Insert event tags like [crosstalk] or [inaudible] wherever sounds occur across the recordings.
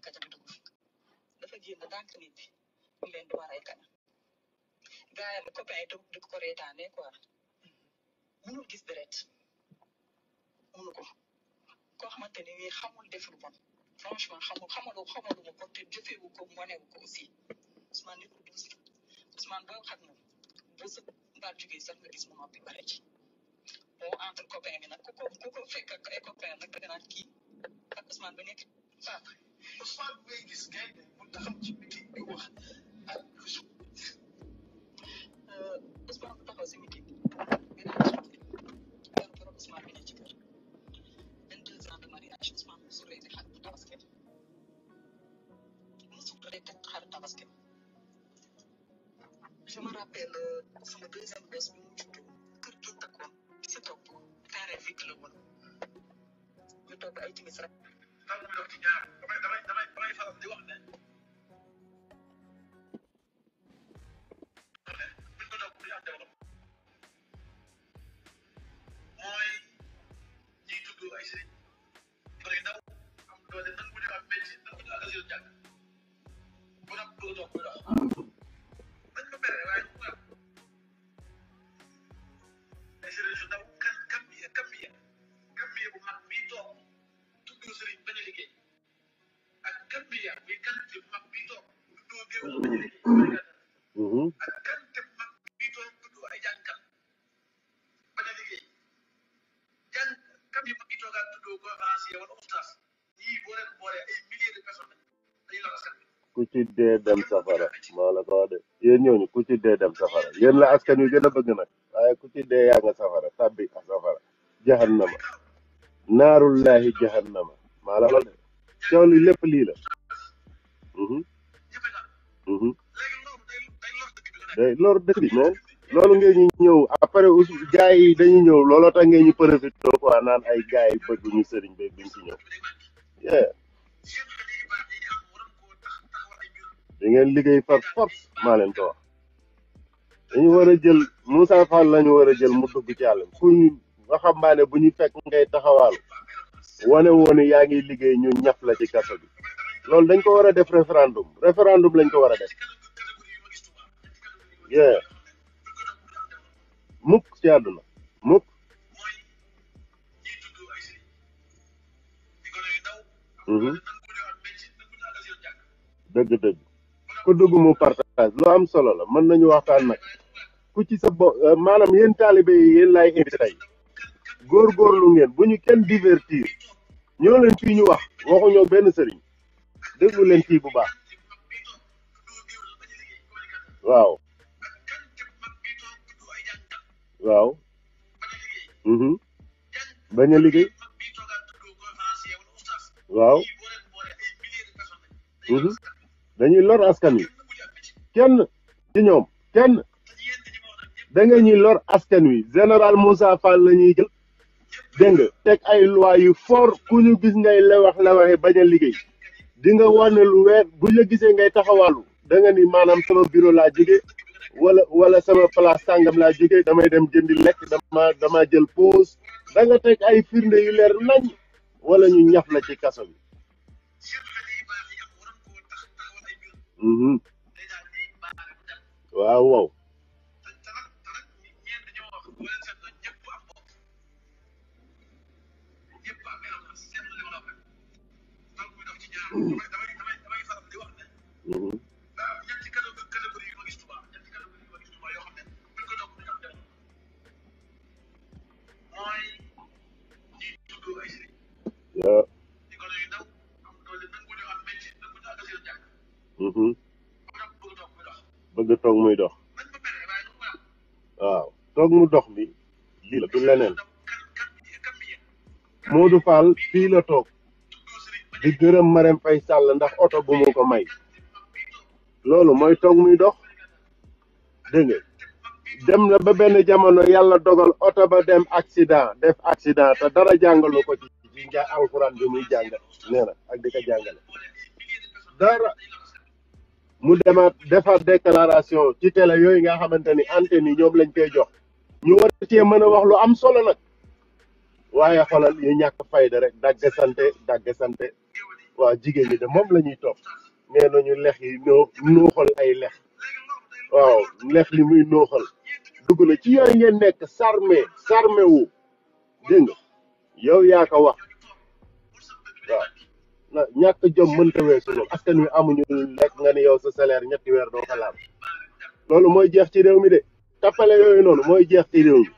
kaca bi dugg dafa génn dànk nit bi mu leen di war ay kanam gaa yi copain yi toog di ko reetaane quoi mënul gis deret mënu ko koo xamante ni nii xamul def lu bon franchement xamul xamalu xamaluma ko te jëfewu ko monewu ko aussi Ousmane ni ko dus Ousmane boo xam moom bu sa a jógee sax nga gis mu noppi bare ci boo entre copain bi nag ku ko ku ko fekk ak ay copain nag da nga naan kii ak Ousmane ba nekk faak Ousmane Mbaye gis gaynde bu taxaw ci meeting di wax ak Ousmane bu taxaw si meeting bi benn borom Ousmane bi ne ci kër vingt deux ans de mariage Ousmane musul rendi xar bu tabaski musul rendi xar tabaski je me rappelle sama deuxième bés bi mu juddu kër gi takkoon si topp carré vide la woon ñu toog ay timis rek tànk bi dox ci ñaar damay damay damay damay faral di wax ne buñ ko doon buñ am jamono mooy ñiy tudd ay sëriñ pare ndaw am doole nangu ñu am métier nangu ñu ak asile jàng bu nag doo dox buy dox dee dem safara maa la ko wax de yéen ñooñu ku ci dee dem safara yéen la askan wi gën a bëgg nag waaye ku ci dee yaa nga safara tabbi a safara jahannama naarullahi jahannama maa la wax de coow li lépp lii la mhm mhm day loolu dëkk bi mais loolu ngeen ñu ñëw après aussi gars yi dañu ñëw looloo tax ngeen ñu profité quoi naan ay gars yi bëgg ñu sëriñ ba duñ ci ñëw li ngeen liggéey par force maa leen ko wax dañu war a jël Moussa Fall la war a jël mu dugg ci àll ku waxambaane bu ñu fekk ngay taxawaal wane yaa ngi liggéey ñu ñaf la ci kaso bi loolu dañ ko war a def référendum référendum lañ ko war a def yee mukk ci àdduna mukk mhm. dëgg dëgg ko dugg mu partage lu am solo la mën nañu waxtaan nag ku ci sa bopp euh, maanaam yéen taalibe yi yéen laay invité tey góorgóorlu ngeen bu ñu kenn divertir ñoo leen fii ñu wax waxuñoo benn sëriñ déglu leen bu baax waaw waaw bañ a liggéey waaw dañuy lor askan wi kenn ci ñoom kenn danga ñuy lor askan wi général Moussa Fall la ñuy jël dégg nga teg ay loi yu fort ku ñu gis ngay lewax lewaxe bañ liggéey di nga wane lu weer gu la gisee ngay taxawaalu da nga ni maanaam sama bureau laa jóge walla wala sama place sàngam laa jóge damay dem jëndi lekk dama dama jël pause da teg ay firnde yu leer nañ wala ñu ñaf la ci kaso bi waaw waaw. mm Mhm. bëgg toog muy dox waaw toog mu dox bi lii la du leneen Modou Fall fii la toog di gërëm Marème Faye Sall ndax oto bu mu ko may loolu mooy toog muy dox dégg nga dem na ba benn jamono yàlla dogal oto ba dem accident def accident te dara jàngalu ko ci ci nja bi muy jàng nee ak di ko jàngale dara mu demaat defar déclaration ci télé yooyu nga xamante ni antenne yi ñoom lañ koy jox ñu war cee mën a wax lu am solo nag waaye xoolal yu ñàkk fayde rek dagge sante dagge sante waaw jigéen ñi de moom la ñuy topp nee ñu lex yi noo nooxal ay lex waaw lex li muy nooxal dugg na ci yooyu ngeen nekk sarme sarme wu dégg yow yaa ko wax waaw ñàkk jom mënta weesu loolu askan wi amuñu lekk nga ne yow sa salaire ñetti weer doo ko laal loolu mooy jeex ci réew mi de tappale yooyu noonu mooy jeex ci réew mi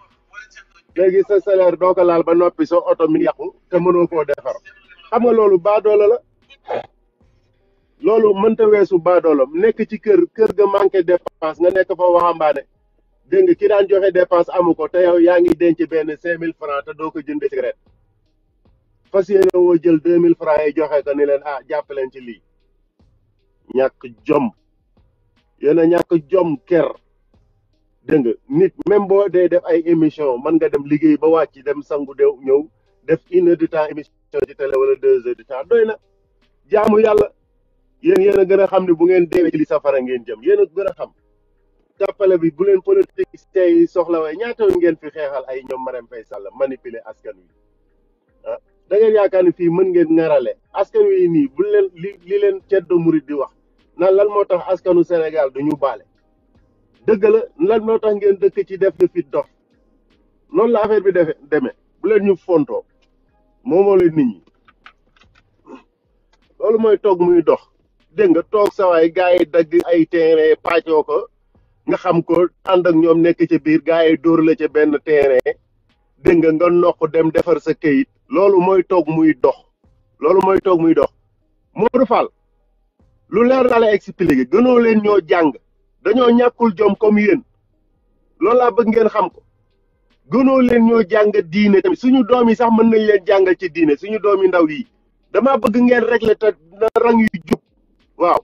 léegi sa salaire doo ko laal ba noppi soo oto mi yàqu te mënoo koo defar xam nga loolu baadoola la loolu mënta weesu baadoola nekk ci kër kër ga manqué dépense nga nekk fa waxambaane dégg nga ki daan joxe dépense amu ko te yow yaa ngi denc benn cinq mille francs te doo ko jënd cigarette fas yéene woo jël deux mille francs yi joxe ko ni leen ah jàppaleen ci lii ñàkk jom yéen ñàkk jom ker dégg nga nit même boo dee def ay émission mën nga dem liggéey ba wàcc dem sangu dew ñëw def une heure de temps émission ci télé wala deux heures de temps doy na jaamu yàlla yéen yéen a gën a xam ne bu ngeen deewee ci li safara ngeen jëm yéen a gën a xam jàppale bi bu leen politique tey soxla waaye ñaata ngeen fi xeexal ay ñoom Marème Faye Sall manipuler askan wi da yaakaar ni fii mën ngeen ngarale askan wi nii bu leen li li leen ceddo murit di wax nan lan moo tax askanu senegal du ñu baale dëgg la lan moo tax ngeen dëkk ci def fi dox noonu la affaire bi defe demee bu leen ñu fontoo moomoo leen nit ñi loolu mooy toog muy dox dégg nga toog sawaay gars yi dagg ay terrain pàccoo ko nga xam ko ànd ak ñoom nekk ca biir gars yi dóor la ca benn terrain dégg nga nga noq dem defar sa këyit loolu mooy toog muy dox loolu mooy toog muy dox Modou Fall lu leer laa lay expliqué gënoo leen ñoo jàng dañoo ñàkkul jom kom yéen loolu laa bëgg ngeen xam ko gënoo leen ñoo jàng diine suñu doom yi sax mën nañ leen jàngal ci diine suñu doom yi ndaw yi dama bëgg ngeen régler te na rang yu jub waaw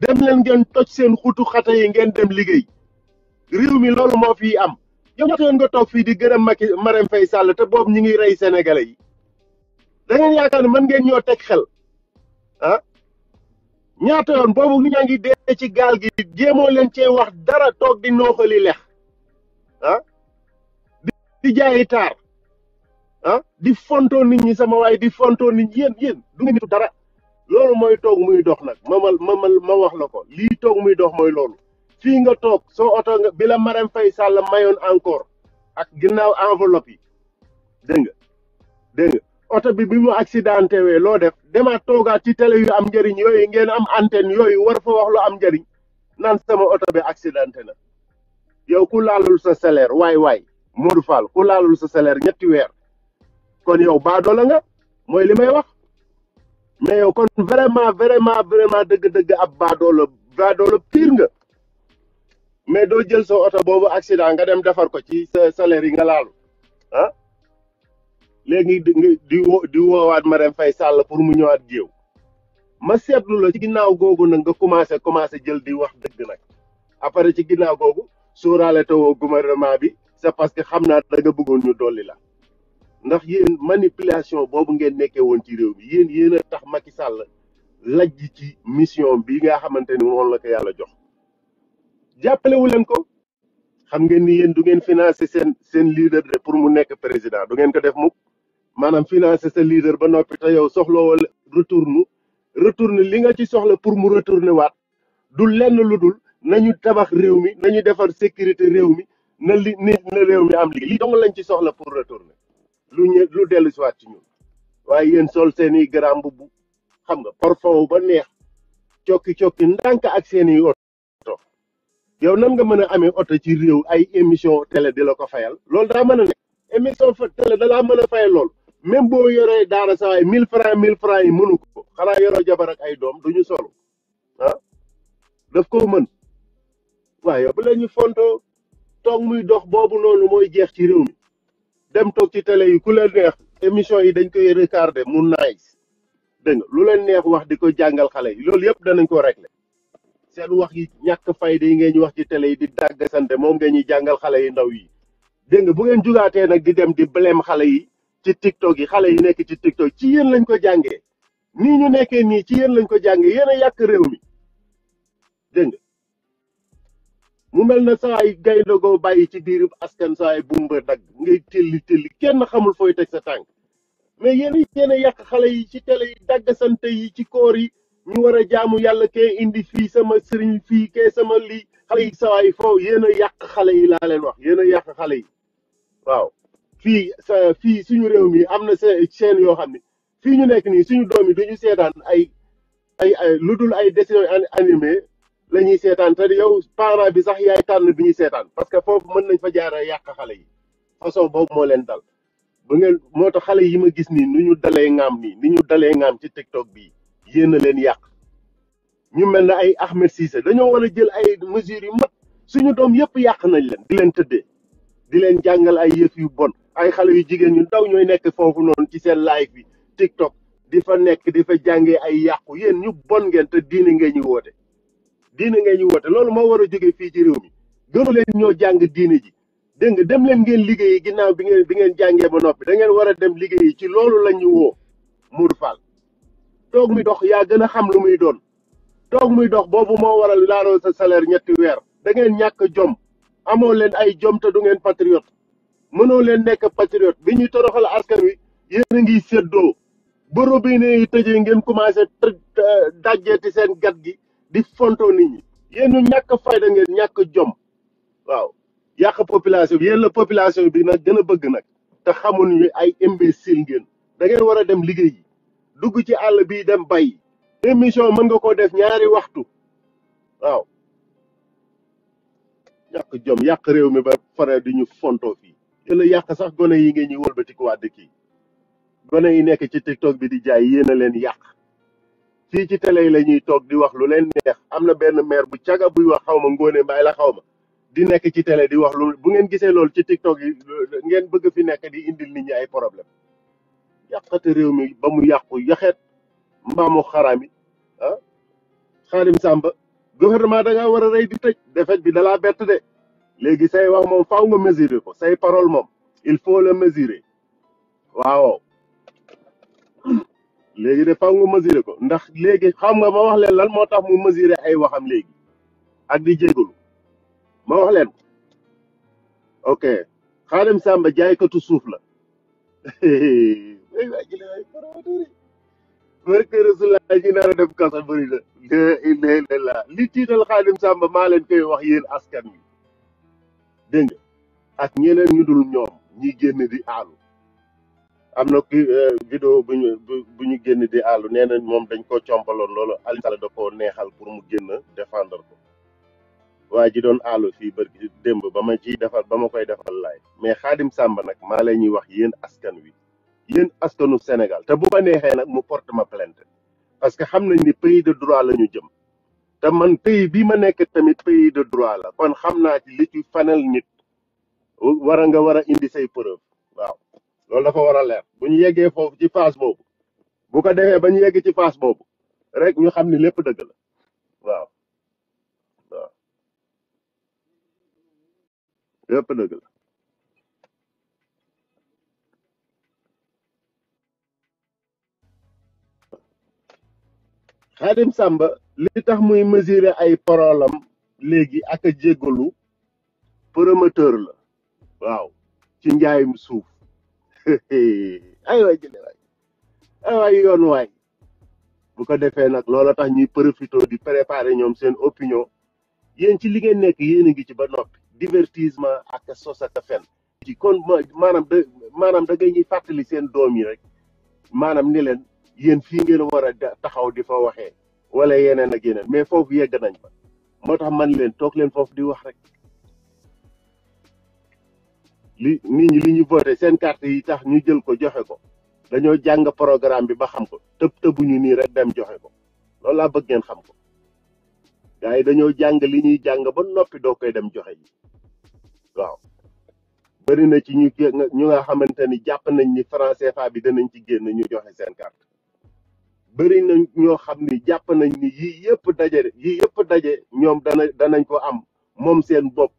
dem leen ngeen toj seen xutu xata yi ngeen dem liggéey réew mi loolu moo fi am yow jotoon nga toog fii di gërëm Macky Marème fay Sall te boobu ñu ngi rey sénégalais yi da yaakaar ne mën ngeen ñoo teg xel ah ñaata yoon boobu nit ñaa ngi dee ci gaal gi jéemoo leen cee wax dara toog di nooxali lex ah di jaayi taar ah di fontoo nit ñi sama waaye di fontoo nit ñi yéen yéen du ngeen nitu dara loolu mooy toog muy dox nag ma ma ma wax la ko lii toog muy dox mooy loolu fii nga toog so oto bi la Marème Faye Sall mayoon encore ak ginaaw enveloppe yi dégg oto bi bi mu accidenté wee loo def dema toogaat ci télé yu am njëriñ yooyu ngeen am antenne yooyu war fa wax lu am njëriñ naan sama oto bi accidenté na yow ku laalul sa salaire waay waay Modou Fall ku laalul sa salaire ñetti weer kon yow baadoola nga mooy li may wax mais yow kon vraiment vraiment vraiment dëgg-dëgg ab baadoola baadoola pire nga mais doo jël sa oto boobu accident nga dem defar ko ci sa salaire yi nga laalu ah léegi di di woowaat Marème fay sàll pour mu ñëwaat géew ma seetlu la ci ginnaaw googu nag nga commencé commencé jël di wax dëgg nag après ci ginnaaw googu sóoraale tawoo gouvernement bi c'est parce que xam naa da nga bëggoon ñu dolli la ndax yéen manipulation boobu ngeen nekkee woon ci réew bi yéen yéen a tax Macky Sall lajj ci mission bi nga xamante ni moom la ko yàlla jox jàppalewu leen ko xam ngeen ni yeen du ngeen financer sen sen leader de pour mu nek président du ngeen ko def muk, manam financer sa leader ba nopi ta yow soxlawal retourne retourne li nga ci soxla pour mu retourner wat du lenn dul nañu tabax réew mi nañu defar sécurité réew mi na li ni na réew mi am liggéey li dong lañ ci soxla pour retourner lu ñu lu delu ci wat ci ñun waye yeen sol seen grand bubu xam nga parfum ba neex cokki cokki ndank ak yow nan nga mën a amee oto ci réew ay émission télé di la ko fayal loolu daa mën a nekk émission télé da laa mën a fayal lool même boo yoree daara sa waay mille franc mille franc yi mënu ko xanaa yoroo jabar ak ay doom du ñu solo ah daf ko mën waaye yow bu la ñu fontoo toog muy dox boobu loolu mooy jeex ci réew mi dem toog ci télé yi ku la neex émission yi dañ koy regarder mu naaj dégg nga lu leen neex wax di ko jàngal xale yi loolu yëpp danañ ko régler seen wax yi ñàkk fayda yi ngeen ñu wax ci télé yi di dàgg sante moom ngeen ñuy jàngal xale yi ndaw yi dégg nga bu ngeen jugaatee nag di dem di blème xale yi ci tiktok yi xale yi nekk ci tiktok ci yéen lañ ko jàngee nii ñu nekkee nii ci yéen lañ ko jàngee yéen a yàq réew mi dégg nga mu mel na saay gayndogoo bàyyi ci biir askan saay bumba dagg ngay tëlli tëlli kenn xamul fooy teg sa tànk mais yéen yéen a yàq xale yi ci télé yi dàgg sante yi ci koor yi ñu war a jaamu yàlla kee indi fii sama sëriñ fii kee sama lii xale yi sawaay foofu yéen a yàq xale yi laa leen wax yéen a yàq xale yi waaw fii sa fii suñu réew mi am na seen yoo xam ne fii ñu nekk nii suñu doom yi duñu seetaan ay ay ay lu dul ay dessin animé la ñuy seetaan te yow parent bi sax yaay tànn bi ñuy seetaan parce que foofu mën nañ fa jaara yàq xale yi façon boobu moo leen dal bu ngeen moo tax xale yi ma gis nii nu ñu dalee ŋaam nii ni ñu dalee ŋaam ci TikTok bii yéen a leen yàq ñu mel ne ay Ahmed Cissé dañoo war a jël ay mesures yu mat suñu doom yëpp yàq nañ leen di leen tëddee di leen jàngal ay yëf yu bon ay xale yu jigéen ñu ndaw ñooy nekk foofu noonu ci seen live bi TikTok di fa nekk di fa jàngee ay yàqu yéen ñu bon ngeen te diine ngeen ñu woote diine ngeen ñu woote loolu moo war a jóge fii ci réew mi gënu leen ñoo jàng diine ji dégg nga dem leen ngeen liggéeyi ginnaaw bi ngeen bi ngeen jàngee ba noppi da ngeen war a dem liggéeyi ci loolu la ñu woo toog muy dox yaa gën a xam lu muy doon toog muy dox boobu moo waral laaroo sa salaire ñetti weer dangeen ñàkk jom amoo leen ay jom te du ngeen patriote mënoo leen nekk patriote bi ñuy toroxal askan wi yéen a ngi séddoo ba robinet yi tëjee ngeen commencé euh, dajjeeti seen gat gi di fonto nit ñi yéen ñu ñàkk fayda ngeen ñàkk jom waaw yàq population bi yéen la population bi nag gën a bëgg nag te xamuñu ay imbécile ngeen da ngeen war a dem liggéey yi dugg ci àll bi dem bay émission mën nga ko def ñaari waxtu waaw yàq jom yàq réew mi ba pare di fonto fontoo fii ëla yàq sax gone yi ngeen ñuy wëlbatikuwaat dëkk yi gone yi nekk ci tiktok bi di jaay yéena leen yàq fii ci télé yi la ñuy toog di wax lu leen neex am na benn maire bu caga buy wax xaw ma ngóone mbaay la xaw ma di nekk ci télé di wax lu bu ngeen gisee loolu ci tiktok yi ngeen bëgg fi nekk di indil nit ñi ay problème yàqate réew mi ba mu yàqu yaxeet maamu xaraam yi ah xaalim sàmba gouvernement da ngaa war a rey di tëj défaite bi dalaa bett de léegi say wax moom faaw nga mesurer ko say parole moom il faut le mesurer waaw léegi de faaw nga mesurer ko ndax léegi xam nga ma wax leen lan moo tax mu mesurer ay waxam léegi ak di jégalu ma wax leen ok xaalim sàmba jaaykatu suuf la ay waa ji la ay faramateur yi li tiital xaadim sàmba maa leen koy wax yéen askan wi dégg ak ñeneen ñu dul ñoom ñi génn di aalu am na ki vidéo bu ñu génn di àllu nee na moom dañ ko compaloon loolu Aliou Sall da koo neexal pour mu génn défendre ko waa ji doon àllu fii bërki démb ba ma ciy defal ba ma koy defal laay mais xaadim sàmba nag maa la ñuy wax yéen askan wi yéen askanu Sénégal te bu ma neexee nag mu porte ma plainte parce que xam nañ ni pays de droit la ñu jëm te man pays bi ma nekk tamit pays de droit la kon xam naa ci li ci nit war a nga war a indi say preuve waaw loolu dafa war a leer bu ñu yeggee foofu ci phase boobu bu ko defee ba ñu yegg ci phase boobu rek ñu xam ni lépp dëgg la waaw waaw lépp dëgg la Xaadim Sàmba li tax muy mesurer ay parolam léegi ak a jéggalu promoteur la waaw ci njaayum suuf [laughs] ay waay jële waay ay waay yoon waay bu ko defee nag loola tax ñuy profité di préparer ñoom seen opinion yéen ci li ngeen nekk yéen a ngi ci ba noppi divertisement ak sos ak fen ci kon maanaam da maanaam da ngay ñuy fàttali seen doom yi rek maanaam ni leen yéen fii ngeen war a taxaw di fa waxee wala yeneen ak yeneen mais foofu yegg nañ fa moo tax man leen toog leen foofu di wax rek li nit ñi li ñu voté seen carte yi tax ñu jël ko joxe ko dañoo jàng programme bi ba xam ko tëb ñu nii rek dem joxe ko loolu laa bëgg ngeen xam ko gars dañoo jàng li ñuy jàng ba noppi doo koy dem joxe ji waaw bëri na ci ñu ñu nga xamante ni jàpp nañ ni franc CFA bi danañ ci génn ñu joxe seen carte bëri na ñoo xam ni jàpp nañ ni yii yëpp daje yii yëpp daje ñoom dana danañ ko am moom seen bopp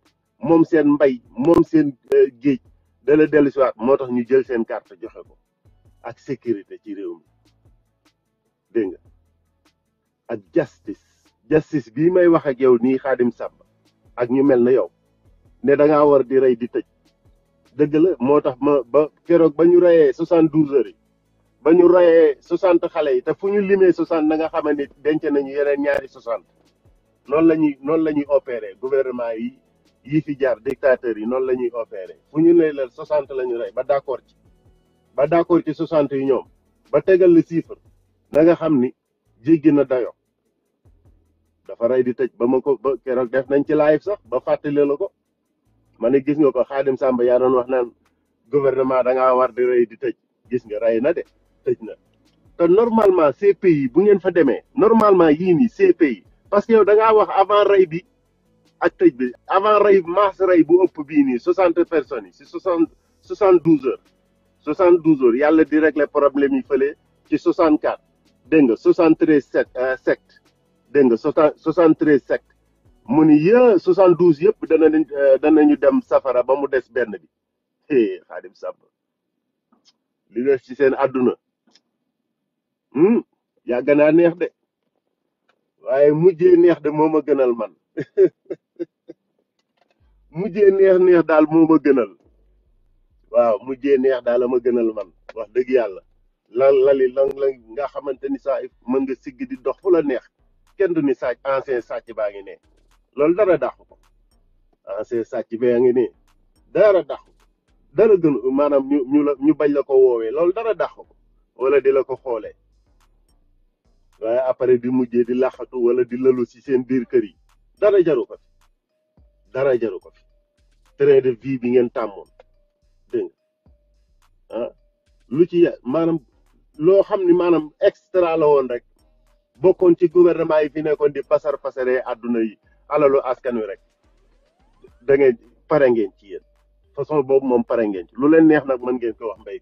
moom seen mbay moom seen euh, géej dala dellu moo tax ñu jël seen carte joxe ko ak sécurité ci réew mi dégg nga ak justice justice bii may wax ak yow nii xaadim sàbb ak ñu mel na yow ne danga ngaa war di rey di tëj dëgg la moo tax ma ba keroog ba ñu reyee soixante douze heures yi ba ñu reyee soixante xale yi te fu ñu limee soixante na nga xamante ni denc nañu yeneen ñaari soixante noonu la ñuy noonu la ñuy opéré gouvernement yi yi fi jaar dictateurs yi noonu la ñuy opéré fu ñu ne la soixante lañu ñu rey ba d' accord ci ba d' accord ci soixante yi ñoom ba tegal la chiffre na nga xam ni jéggi na dayo dafa rey di tëj ba ma ko ba keroog def nañ ci live sax ba fàttali la ko ma ne gis nga ko Xaadim Samba yaa doon wax naan gouvernement da ngaa war di rey di tëj gis nga rey na de normalement, ces pays, normalement, ici, ces pays, parce que vous avez avant le raid, avant le masse de vous 60 personnes, c'est 60, 72 heures. 72 heures, il y a direct les problèmes, il fallait, c'est 64. Donc, 73 sectes. Donc, 73 sectes. Mon 72 yep dans un dem safara bamou dess ben bi hé xadim sab li nga ci sen aduna Hmm, ya naa neex de waye mujjé neex de moma gënal man [laughs] mujjé neex neex dal moma gënal waaw mujjé neex dal ma gënal man wax deug yalla la lali lang la nga xamanteni sa saa mën nga sigi di dox fu la neex kenn du ni sa ancien sa ci baangi ne lol dara dax ko ancien sa ci baangi ne dara dax dara gën manam ñu ñu bañ la ko wowe lol dara dax ko wala di la ko xolé waaye après di mujjee di laxatu wala di lalu si seen biir kër yi dara jaru ko fi dara jaru ko fi trait de vie bi ngeen tàmmoon dégg ah lu ci ya-, maanaam loo xam ni maanaam extra la woon rek bokkoon ci gouvernement yi fi nekkoon di pasar pasare àdduna yi alalu askan wi rek da ngeen pare ngeen ci yéen façon boobu moom pare ngeen ci lu leen neex nag mën ngeen ko wax mbay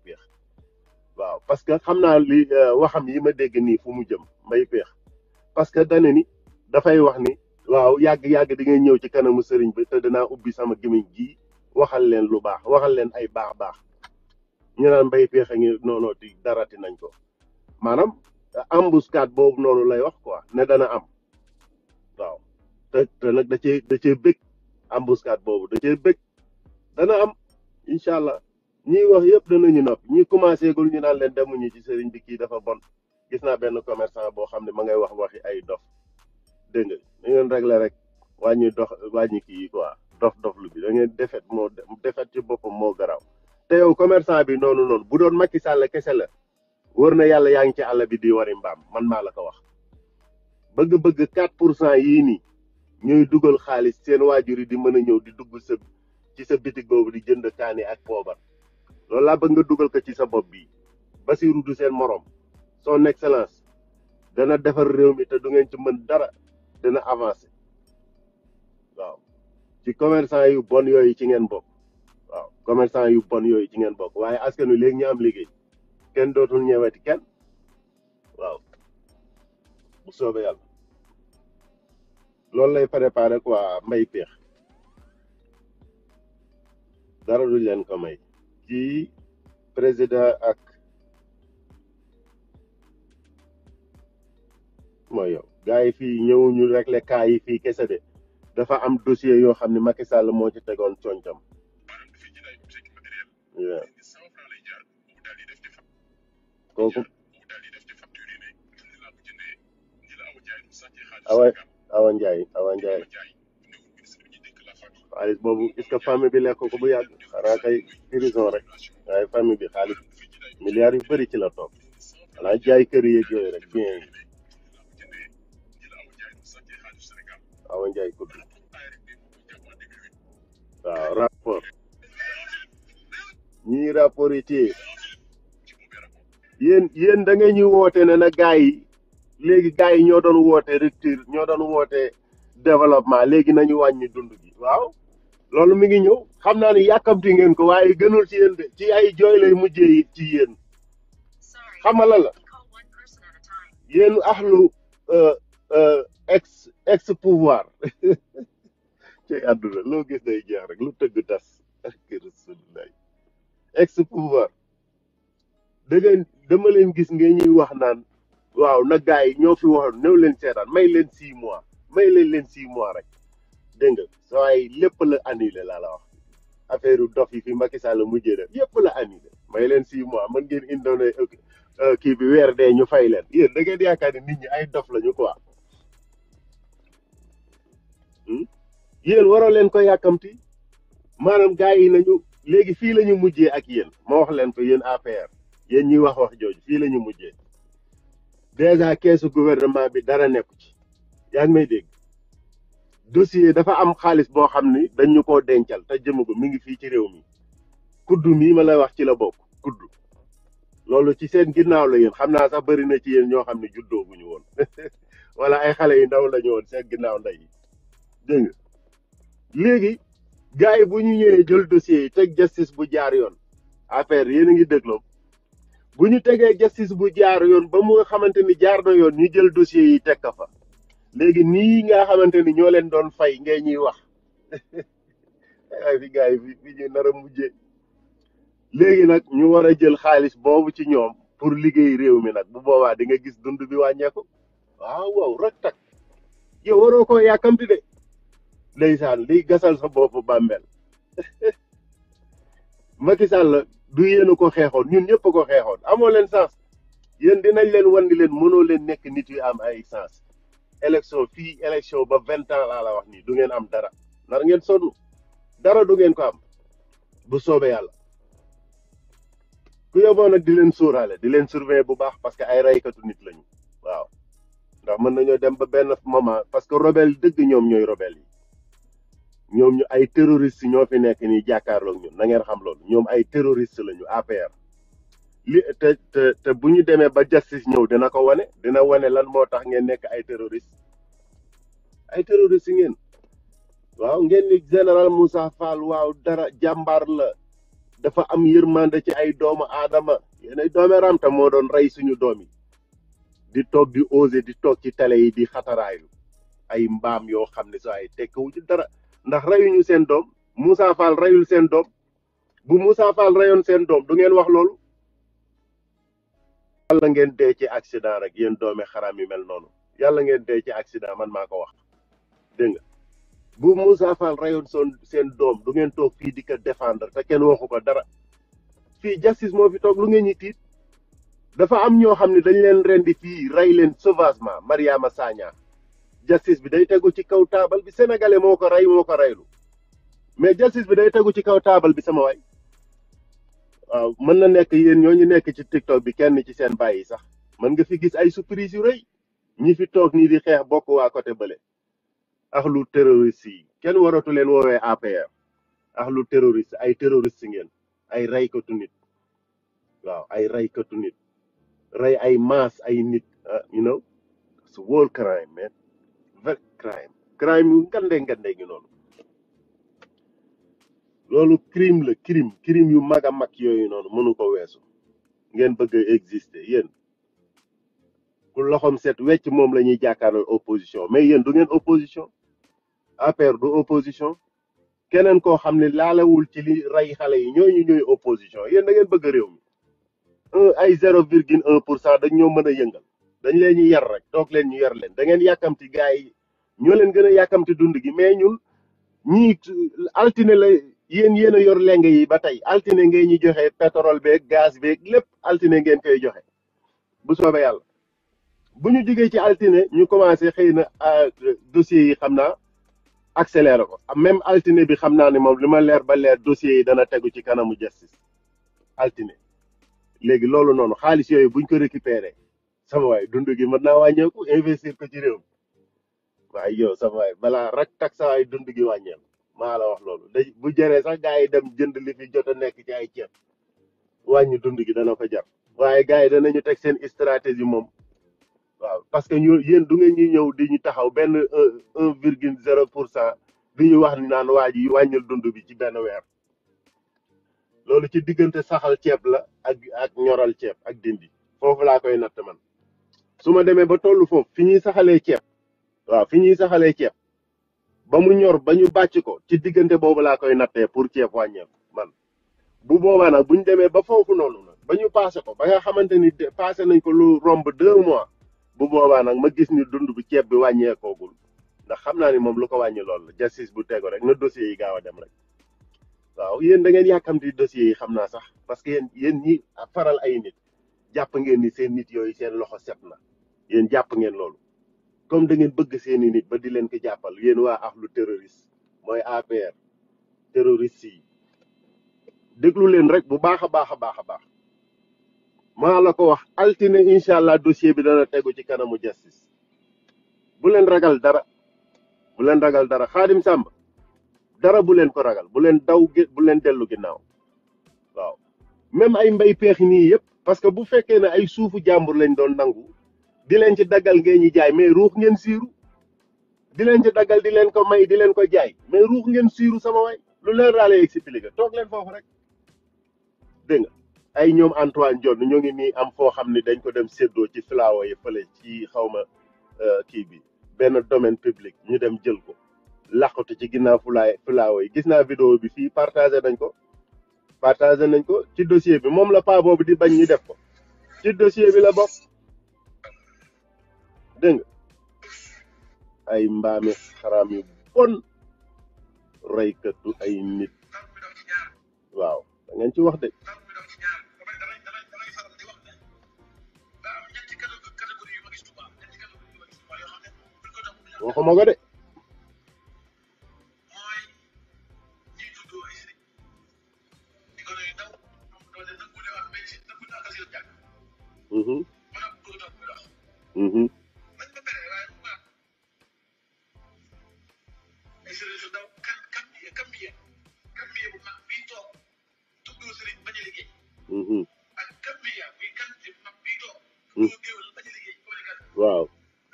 waaw parce que xam naa li euh, waxam yi ma dégg nii fu mu jëm mbay peex parce que dane ni dafay wax ni waaw yàgg-yàgg di ngay ñëw ci kanamu sëriñ bi te dinaa ubbi sama gémmiñ gii waxal leen lu baax waxal leen ay baax-baax ñu naan mbay peex a ngi noonu di darati nañ ko maanaam embuscade boobu noonu lay wax quoi ne dana am waaw te te nag da cee da cee bëgg embuscade boobu da cee bëgg dana am incha allah ñiy wax yëpp ñu nopp ñi commencé lu ñu naan leen demuñu ci sëriñ bi kii dafa bon gis naa benn commerçant boo xam ne ma ngay wax waxi ay dof dégg nga da ngeen régler rek wàññi dox wàññi kii yi quoi dof dof lu bi da ngeen defet moo defet ci boppam moo garaaw te yow commerçant bi noonu noonu bu doon Macky sàll kese la wër na yàlla yaa ngi ci àll bi di wari mbaam man maa la ko wax bëgg-bëgg 4 pour cent yii nii ñooy dugal xaalis seen waajur yi di mën a ñëw di dugg sa ci sa bitig boobu di jënd kaani ak poobar loolu laa bëgg nga dugal ko ci sa bopp bi Basiru du seen morom son excellence dana defar réew mi te du ngeen ci mën dara dana avancer waaw ci commerçant yu bon yooyu ci ngeen bokk waaw commerçant yu bon yooyu ci ngeen bokk waaye askan wi léegi ñu am liggéey kenn dootul ñëwati kenn waaw bu soobe yàlla loolu lay préparer quoi mbay peex dara du leen ko may kii président ak mooy yow gars yi fii ñëwuñu régler cas yi fii kese de dafa am dossier yoo xam ne Macky Sall moo ci tegoon coñtam waaw kooku awa awa Ndiaye awa Ndiaye xaalis boobu est-ce bi lekk ko bu yàgg xanaa kay prison rek waaye famille bi xaalis milliards yu bëri ci la toog xanaa jaay kër yeeg yooyu rek bien Awa Ndiaye Kout waaw rapport ñii rapport yi téye yéen yéen da ngeen ñuy woote ne na gars yi léegi gars yi ñoo doon woote rupture ñoo doon woote développement léegi nañu wàññi dund gi waaw loolu mi ngi ñëw xam naa ne yàkkamti ngeen ko waaye gënul ci yéen de ci ay jooy lay mujjee ci yéen xamala la yéen axlu euh, euh, ex ex pouvoir [laughs] ci àdduna loo gis day jaar rek lu tëgg tas ak rasulullah ex pouvoir da dama leen gis ngeen ñuy wax naan waaw na gars yi ñoo fi waxoon néew leen seetaan may leen six mois may leen leen six mois rek dégg nga waaye lépp la annulé laa la wax affaire dof yi fi Macky Sall mujjee def yépp la annulé may leen six mois mën ngeen indoone euh, kii bi weer dee ñu fay leen yéen da ngeen yaakaar ni nit ñi ay dof lañu quoi Hmm? yéen waroo leen ko yàkkamti maanaam gars yi nañu léegi fii lañu mujjee ak yéen ma wax leen ko yéen APR yéen ñuy wax wax jooju fii la ñu mujjee déjà keesu gouvernement bi dara nekku ci yaa ngi may dégg dossier dafa am xaalis boo xam ni dañ ñu koo dencal te jëmagu mu ngi fii ci réew mi kudd mii ma lay wax ci la bokk kudd loolu ci seen ginnaaw la yéen xam naa sax bëri na ci yéen ñoo xam ne juddoo bu ñu woon [laughs] wala ay xale yu ndaw la ñu woon seen ginnaaw ndey dégg nga léegi gars yi bu ñu ñëwee jël dossier yi teg justice bu jaar yoon affaire yéen a ngi dégloo bu ñu tegee justice bu jaar yoon ba mu nga xamante ni jaar na yoon ñu jël dossier yi teg ka fa léegi nii nga xamante ni ñoo leen doon fay ngay ñuy wax [laughs] ay fi gars fi fi ñu nar a mujjee léegi nag ñu war a jël xaalis boobu ci ñoom pour liggéey réew mi nag bu boobaa di nga gis dund bi wàññeeku waaw waaw rek tak yow waroo koo yàkkamti de ndeysaan liy gasal sa boobu bàmmeel [laughs] Macky la du yéen a ko xeexoon ñun ñëpp a ko xeexoon amoo leen sens yéen dinañ leen wan leen mënoo leen nekk nit yi am ay sens élection fii élection ba vingt ans laa la wax nii du ngeen am dara nar ngeen sonn dara du ngeen ko am bu soobee yàlla ku yóbboo nag di leen sóoraale di leen surveiller bu baax parce que ay raykatu nit lañu waaw ndax mën nañoo dem ba benn moment parce que rebelle dëgg ñoom ñooy robel yi ñoom ñu ay terroriste ñoo fi nekk nii jàkkaarloog ñun na ngeen xam loolu ñoom ay terroriste lañu APR li te te te bu ñu demee ba justice ñëw dina ko wane dina wane lan moo tax ngeen nekk ay terroriste ay terroriste ngeen waaw ngeen ni général Moussa Fall waaw dara jàmbaar la dafa am yërmande ci ay doomu aadama yéen ay doomeeraam te moo doon rey suñu doom yi di toog di osé di toog ci tele yi di xataraayu ay mbaam yoo xam ne soo ay tekkiwu ci dara ndax reyuñu seen doom Moussa Fall reyul seen doom bu Moussa Fall reyoon seen doom du ngeen wax loolu yàlla ngeen dee ci accident rek yéen doomi xaram yi mel noonu yàlla ngeen dee ci accident man maa ko wax dégg nga bu Moussa Fall reyoon son seen doom du ngeen toog fii di ko défendre te kenn waxu ko dara fii justice moo fi toog lu ngeen ñi tiit dafa am ñoo xam ne dañ leen rendi fii rey leen sauvagement Mariama Sagna justice bi day tegu ci kaw taabal bi sénégalais moo ko rey moo ko reylu mais justice bi day tegu ci kaw taabal bi sama waay mën na nekk yéen ñoo ñu nekk ci tiktok bi kenn ci seen bàyyi sax mën nga fi gis ay surprise yu rëy ñi fi toog nii di xeex bokk waa côté bale ax lu terroriste yi kenn waratu leen woowee APR ax lu terroriste ay terroriste ngeen ay reykatu nit waaw ay reykatu nit rey ay maas ay nit ah, you know it's war crime man crime crime yu ngandee ngandee ngi noonu loolu crime la crime crime yu mag a mag yooyu noonu mënu ko weesu ngeen bëgg a exister yéen ku loxom set wecc moom la ñuy jàkkaaral opposition mais yéen du ngeen opposition APR du opposition keneen koo xam ne laalawul ci li rey xale yi ñooñu ñooy opposition yéen da ngeen bëgg réew mi un ay zéro virgule pour cent dañ ñoo mën a yëngal dañ leen ñu yar rek toog leen ñu yar leen da ngeen yàkkamti gars ñoo leen gën a yàkkamti dund gi mais ñun ñii altine la yéen yéen a yor leng yi ba tey altine ngay ñu joxe pétrole beeg gaz beeg lépp altine ngeen koy joxe bu soobee yàlla bu ñu jugee ci altine ñu commencé xëy na ah, dossiers yi xam naa accéléré ko même altine bi xam naa ne moom li ma leer ba leer dossiers yi dana tegu ci kanamu justice altine léegi loolu noonu xaalis yooyu buñ ko récupéré sama waay dund gi mën naa wàññeeku investir ko ci réew waaye sa sama waay balaa rak tax sawaay dund gi wàññeeku maa la wax loolu da bu jëree sax gars yi dem jënd li fi jot a nekk ci ay ceeb wàññi dund gi dana ko jar waaye gars yi danañu teg seen stratégie moom waaw parce que ñu yéen du ngeen ñuy ñëw di ñu taxaw benn euh, un virgule zéro pour cent di ñu wax naan waa ji wàññil dund bi ci benn weer loolu ci diggante saxal ceeb la ak ak ñoral ceeb ak dindi foofu laa koy natt man su ma demee ba tollu foofu fi ñuy saxalee ceeb waaw fi ñuy saxalee ceeb ba mu ñor ba ñu bàcc ko ci diggante boobu laa koy nattee pour ceeb wàññeeku man bu boobaa nag bu ñu demee ba foofu noonu nag ba ñu passé ko ba nga xamante ni passé nañ ko lu romb deux mois bu boobaa nag ma gis ni dund bi ceeb bi wàññeekoogul ndax xam naa ni moom lu ko wàññi loolu la justice bu tego rek na dossiers yi gaaw a dem rek waaw yéen da ngeen yàkkamti dossiers yi xam naa sax parce que yéen yéen ñi faral ay nit jàpp ngeen ni seen nit yooyu seen loxo set na yéen jàpp ngeen loolu comme da ngeen bëgg seen nit ba di leen ko jàppal yéen waa ahlu terroriste mooy APR terroriste yi déglu leen rek bu baax a baax a baax a baax maa la ko wax altine incha allah dossier bi dana tegu ci kanamu justice bu leen ragal dara bu leen ragal dara xaadim samba dara bu leen ko ragal bu leen daw bu leen dellu ginnaaw waaw même ay mbay peex nii yépp parce que bu fekkee ne ay suufu jàmbur lañ doon nangu di leen ci daggal ngeen ñu jaay mais ruux ngeen siiru di leen ci daggal di leen ko may di leen ko jaay mais ruux ngeen siiru sama way lu leen raa lay expliqué toog leen foofu rek dégg nga ay ñoom Antoine Diome ñoo ngi nii am foo xam ni dañ ko dem séddoo ci filaawa yi fële ci xawma euh, kii bi benn domaine public ñu dem jël ko làqatu ci ginnaaw fulaay filaawa yi gis naa vidéo bi fii partagé nañ ko partagé nañ ko ci dossier bi moom la paaboo boobu di bañ ñu def ko ci dossier bi la bokk Deng, ay mbaami xaraam yu bon reykatu ay nit waaw da ngeen ci wax de waxuma ko de Mm-hmm. Mm-hmm. Mm-hmm. Mm. waaw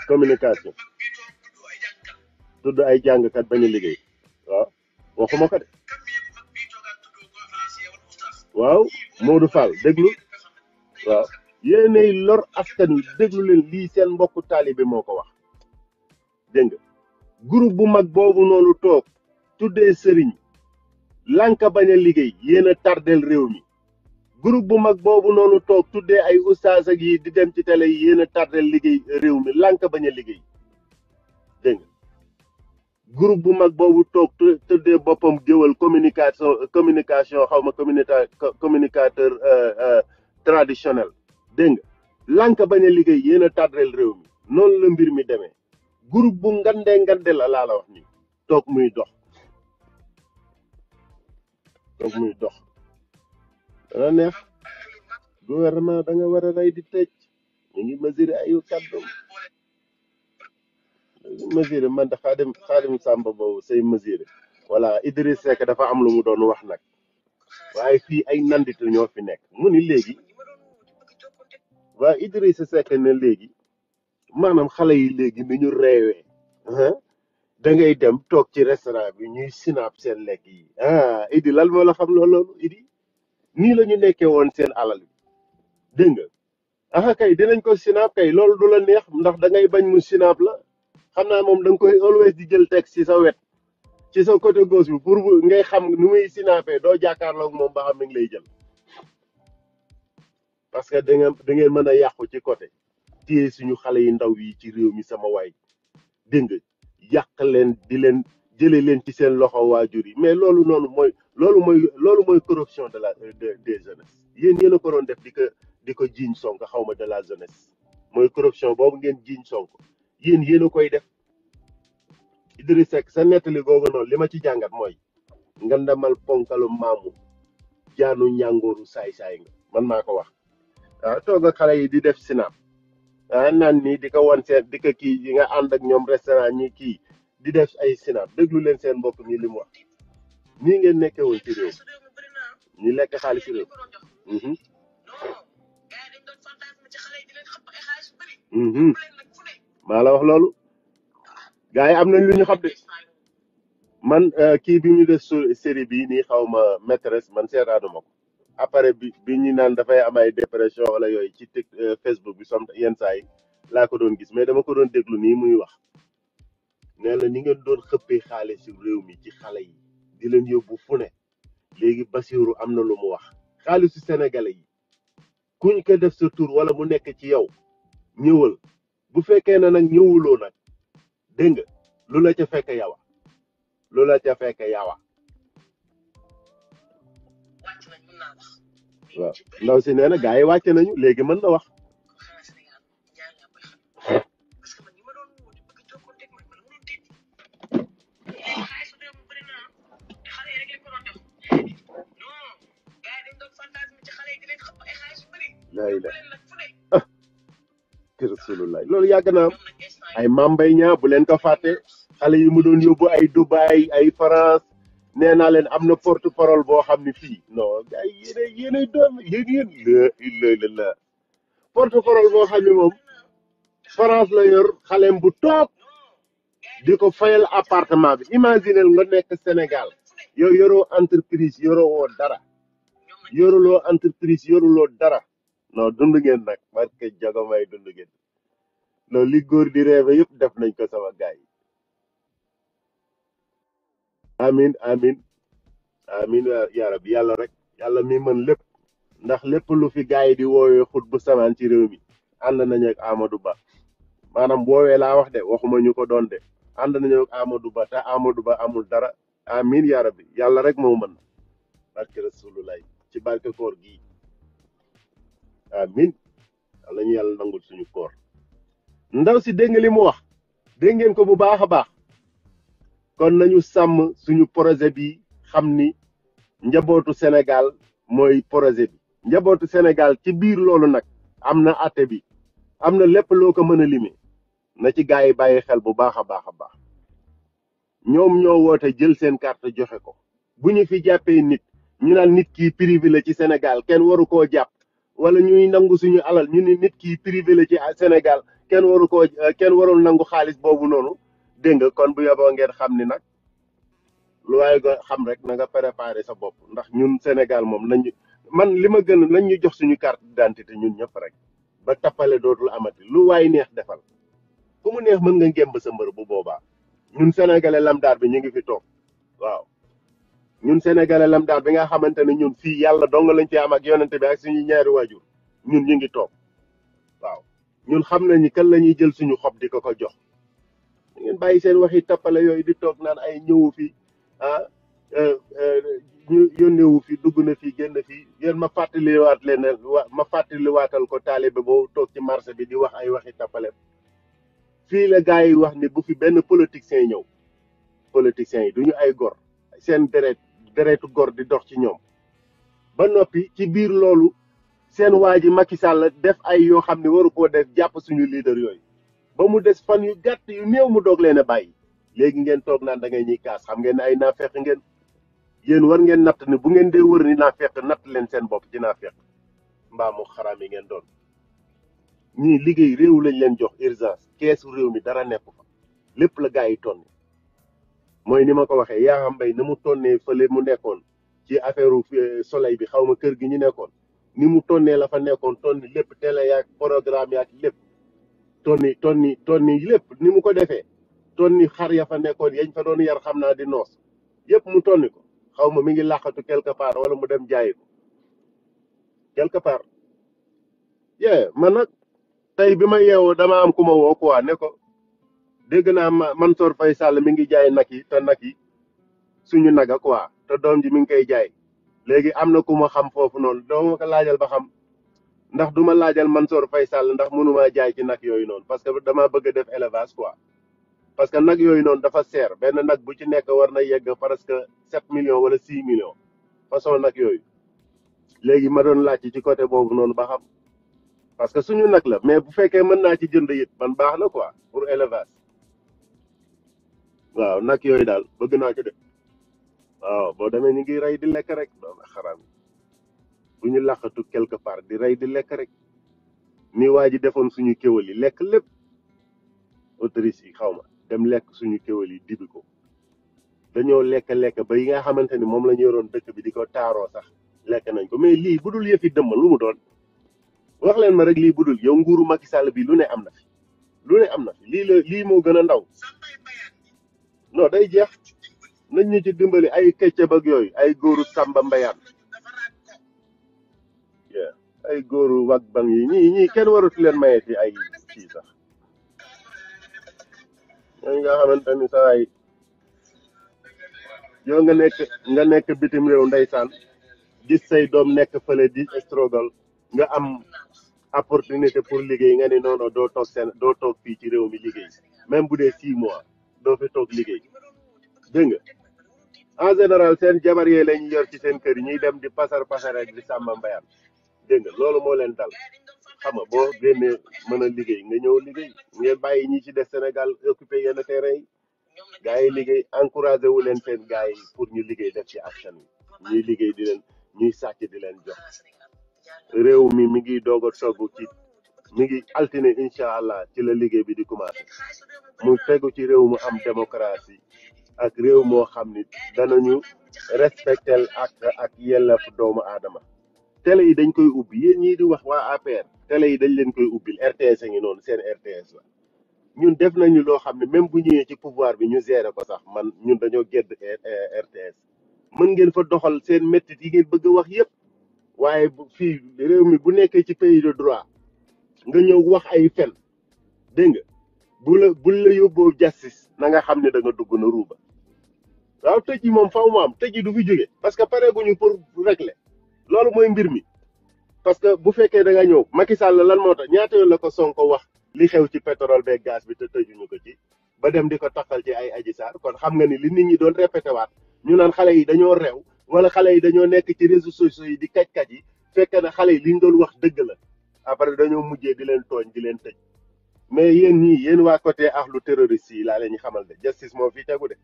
communication tudd ay jàngkat bañ a liggéey waaw waxuma ko de waaw Modou Fall déglu waaw yéenay lor askan wi déglu leen lii seen mbokku taalibe moo ko wax dégg nga bu mag boobu noonu toog tuddee sëriñ lànk bañ a liggéey yéen a réew mi groupe bu mag boobu noonu toog tuddee ay ustaas ak yi di dem ci tele yi yéen a liggéey réew mi lànk bañ a liggéey dégg nga groupe bu mag boobu toog tuddee boppam géwal communication communication xaw ma communicateur euh, euh, traditionnel dégg nga lànk bañ a liggéey yéen a tardel réew mi noonu la mbir mi demee groupe bu ngandee ngande la laa la wax nii toog muy dox toog muy dox dana neex gouvernement da nga war a di tëj mu ngi masir ayu kàddum masir man de xaadim xaadim sàmba boobu say masir voilà Idriss Seck dafa am lu mu doon wax nag waaye fii ay nanditu ñoo fi nekk mu ni léegi waaye Idriss Seck ne léegi maanaam xale yi léegi ni ñu reewee ah, da ngay dem toog ci restaurant bi ñuy sinaab seen lekk yi ah Idi lan moo la xam loolu Idi nii lañu nekkee woon seen alal bi dégg nga aha kay dinañ ko sinaab kay loolu du la neex ndax dangay bañ mu sinaab la xam naa moom da koy always di jël teg ci sa wet ci sa côté gauche bi pour ngay xam nu muy sinaabee doo jàkkaarloog moom ba xam ni lay jël parce que da ngeen da ngeen mën a yàqu ci côté téye suñu xale yi ndaw yi ci réew mi sama waay dégg nga yàq leen di leen jëlee leen ci seen loxo waajur yi mais loolu noonu mooy loolu mooy loolu mooy corruption de la de des jeunesse yéen yéen a ko doon def di ko di ko jiiñ Sonko xawma de la jeunesse mooy corruption boobu ngeen jiiñ Sonko yéen yéen a koy def Idrissa sek sa nettali googu noonu li ma ci jàngat mooy nga ndamal ponkalu maamu jaanu ñàngooru saay-saay nga man maa ko wax ah toog ak xale yi di def sinap ah naan nii di ko wan seet di ko kii yi nga ànd ak ñoom restaurant ñi kii di def ay sinaat déglu leen seen mbokk mi li mu wax nii ngeen nekkee woon ci réew ñu lekk xaalis ci réew mhm. Mhm. maa la wax loolu gars yi am na lu ñu xam de man euh, kii bi ñu def série bii nii xaw ma maîtresse man seetaanuma ko appareil bi bi ñu naan dafay am ay dépression wala yooyu ci euh, Facebook bi som yenn saa yi laa ko doon gis mais dama ko doon déglu nii muy wax nee na ni ngeen doon xëppee xaalis ci réew mi ci xale yi di leen yóbbu fu ne léegi Basiiru am na lu mu wax xaalisu sénégalais yi kuñ ko def sa tur wala mu nekk ci yow ñëwal bu fekkee ne nag ñëwuloo nag dégg nga lu la ca fekk yawa lu la ca fekk yawa waaw ndaw si nee na gars yi wàcce nañu léegi mën na wax laay la te [laughs] rasulullah loolu yàgg na am ay mambay ñaa bu leen ko fàtte xale yi mu doon yóbbu ay Dubaï ay France nee naa leen am na porte parole boo xam ne fii non ay yéenay yéenay doom yéen yéen la illa porte parole boo xam ne moom France la yor xaleem bu toog di ko fayal appartement bi imaginel nga nekk Sénégal yow yoroo entreprise yoroo woo dara yoruloo entreprise yoruloo dara noo dund ngeen nag barke jagomay dund ngeen loolu li góor di rêve yëpp def nañ ko sama gaay yi amin amin amin yaa rabbi yàlla rek yàlla mi mën lépp ndax lépp lu fi gaay yi di woowee xut bu samaan ci réew mi ànd nañu ak Amadou Ba maanaam woowee laa wax de waxuma ñu ko doon de ànd nañu ak Amadou Ba te Amadou Ba amul dara amin yaa rabbi yàlla rek moom mën barke rasulullah ci barke koor gi amin yàlla ñu yàlla nangul suñu koor ndaw si dégg li mu wax dégg ko bu baax a baax kon nañu sàmm suñu projet bi xam ni njabootu senegal mooy projet bi njabootu senegal ci biir loolu nag am na ate bi am na lépp loo ko mën a limee na ci gaa yi bàyyi xel bu baax a baax a baax ñoom ñoo woote jël seen carte joxe ko bu ñu fi jàppee nit ñu naan nit ki privé la ci Sénégal kenn waru koo jàpp wala ñuy nangu suñu alal ñu ni nit ki privé la ci Sénégal kenn waru koo euh, kenn warul nangu xaalis boobu noonu dégg nga kon bu yoboo ngeen xam ni nag lu waaye nga xam rek na nga préparé sa bopp ndax ñun Sénégal moom nañu man li ma gën nañ ñu jox suñu carte d'identité ñun ñëpp rek ba tappale dootul amati lu waaye neex defal ku mu neex mën nga ngemb sa mbër bu boobaa ñun sénégalais lamdaar bi ñu ngi fi toog waaw ñun sénégalais lam daal bi nga xamante ne ñun fii yàlla dong lañ fi am ak yonente bi ak suñu ñaari waajur ñun ñu ngi toog waaw ñun xam na nañu kan la ñuy jël suñu xob di ko ko jox da ngeen bàyyi seen waxi tappale yooyu di toog naan ay ñëwu fi ah euh, euh, yónnewu fi dugg na fi génn fi yéen ma fàttaliwaat leen ma fàttaliwaatal ko taalibe boo toog ci marché bi di wax ay waxi tappale fii la gars yi wax ni bu fi benn politicien ñëw politiciens yi duñu ay gor seen deret deretu gor di dox ci ñoom ba noppi ci biir loolu seen waa ji Macky Sall def ay yoo xam ne waru koo def jàpp suñu leader yooyu ba mu des fan yu gàtt yu néew mu doog leen a bàyyi léegi ngeen toog naan da ngay ñuy kaas xam ngeen ne ay naafeq ngeen yéen war ngeen natt ni bu ngeen dee wër ni naafeq natt leen seen bopp ci naafeq mbaa mu xaraam yi ngeen doon ñii liggéey réew lañ leen jox urgence keesu réew mi dara nekku fa lépp la gaa yi tonni mooy ni ma ko waxee Yakham Mbaye na mu tonnee fële mu nekkoon ci affaire euh, soleil bi xaw ma kër gi ñu nekkoon ni mu tonnee la fa nekkoon tonni lépp télé yaag programme yaag lépp tonni tonni tonni lépp ni mu ko defee tonni xar ya fa nekkoon yañ fa doon yar xam naa di noos yépp mu tonni ko xaw ma mi ngi làqatu quelque part wala mu dem jaayi ko part yee man nag tey bi ma yeewoo dama am ku ma woo waa ne ko dégg naa Mansour Faye Sall mi ngi jaay nag yi te nag yi suñu nag naga quoi te doom ji mu ngi koy jaay léegi am na ku ma xam foofu noonu doo ma ko laajal ba xam ndax du ma laajal Mansour Faye Sall ndax mënumaa jaay ci nag yooyu noonu parce que damaa bëgg a def élevage quoi parce que nag yooyu noonu dafa seer benn nag bu ci nekk war na yegg presque sept million wala six millions façon nag yooyu léegi ma doon laaj ci côté boobu noonu ba xam parce que suñu nag la mais bu fekkee mën naa ci jënd it man baax na quoi pour élevage waaw nag yooyu daal bëgg naa ko def waaw boo demee ñu ngi rey di lekk rek doomu xaraam bu ñu làqatu quelque part di rey di lekk rek ni waa ji defoon suñu kéwal yi lekk lépp autorités yi xaw ma dem lekk suñu kéwal yi dibi ko dañoo lekk lekk ba yi nga xamante ni moom la ñu yoroon dëkk bi di ko taaroo sax lekk nañ ko mais lii bu dul yëfi dëmm lu mu doon wax leen ma rek lii budul yow nguuru Macky Sall bi lu ne am na fi lu ne am na lii la lii moo gën a ndaw non day jeex nañ ñu ci dimbali ay këccëg ak yooyu ay góoru Samba mbayaat ay góoru wag bang yi ñii ñii kenn waratu leen mayeeti ay fii sax ñooñu nga xamante ni ay yow nga nekk nga nekk bitim réew ndaysaan di say doom nekk fële di struggle nga am opportunité pour liggéey nga ni non non doo toog seen doo toog fii ci réew mi liggéey même bu dee six mois. doo fe toog liggéey dégg en général seen jabar yee lañ yor ci seen kër yi ñuy dem di pasar pasar ak di sàmm mbayam dégg nga loolu moo leen dal xam nga boo génnee mën a liggéey nga ñëw liggéey ngeen bàyyi ñi ci des Sénégal occupé yenn terrain yi gars yi liggéey encouragé wu leen seen gars yi pour ñu liggéey def ci action yi ñuy liggéey di leen ñuy sàcc di leen jox réew mi mi ngi doog a ci mi ngi altine incha allah ci la liggéey bi di commencé mu fegu ci réew mu am démocratie ak réew moo xam ni danañu respectel ak ak yellaf doomu aadama tele yi dañ koy ubbi yéen ñii di wax waa APR télé yi dañ leen koy ubbil RTS a ngi noonu seen RTS la ñun def nañu loo xam ne même bu ñëwee ci pouvoir bi ñu géré ko sax man ñun dañoo gedd eh, RTS mën ngeen fa doxal seen méttit yi ngeen bëgg a wax yépp waaye fii réew mi bu nekkee ci pays de droit nga ñëw wax ay fen dégg nga bu la bu la yóbboo justice na nga xam ne da dugg na ruuba waaw tëj yi moom faw mu am tëj yi du fi jóge parce que pareeguñu pour régler loolu mooy mbir mi parce que bu fekkee da nga ñëw Macky Sall lan moo tax ñaata yoon la ko Sonko wax li xew ci pétrole beeg gaz bi te tëjuñu ko ci ba dem di ko taxal ci ay aji saar kon xam nga ni li nit ñi doon répété waat ñu naan xale yi dañoo reew wala xale yi dañoo nekk ci réseaux sociaux yi di kaj yi fekk na xale yi li ñu doon wax dëgg la après dañoo mujjee di leen tooñ di leen tëj mais yéen nii yéen waa côté ax lu terroriste yi laa leen ñu xamal de justice moom fii tegu de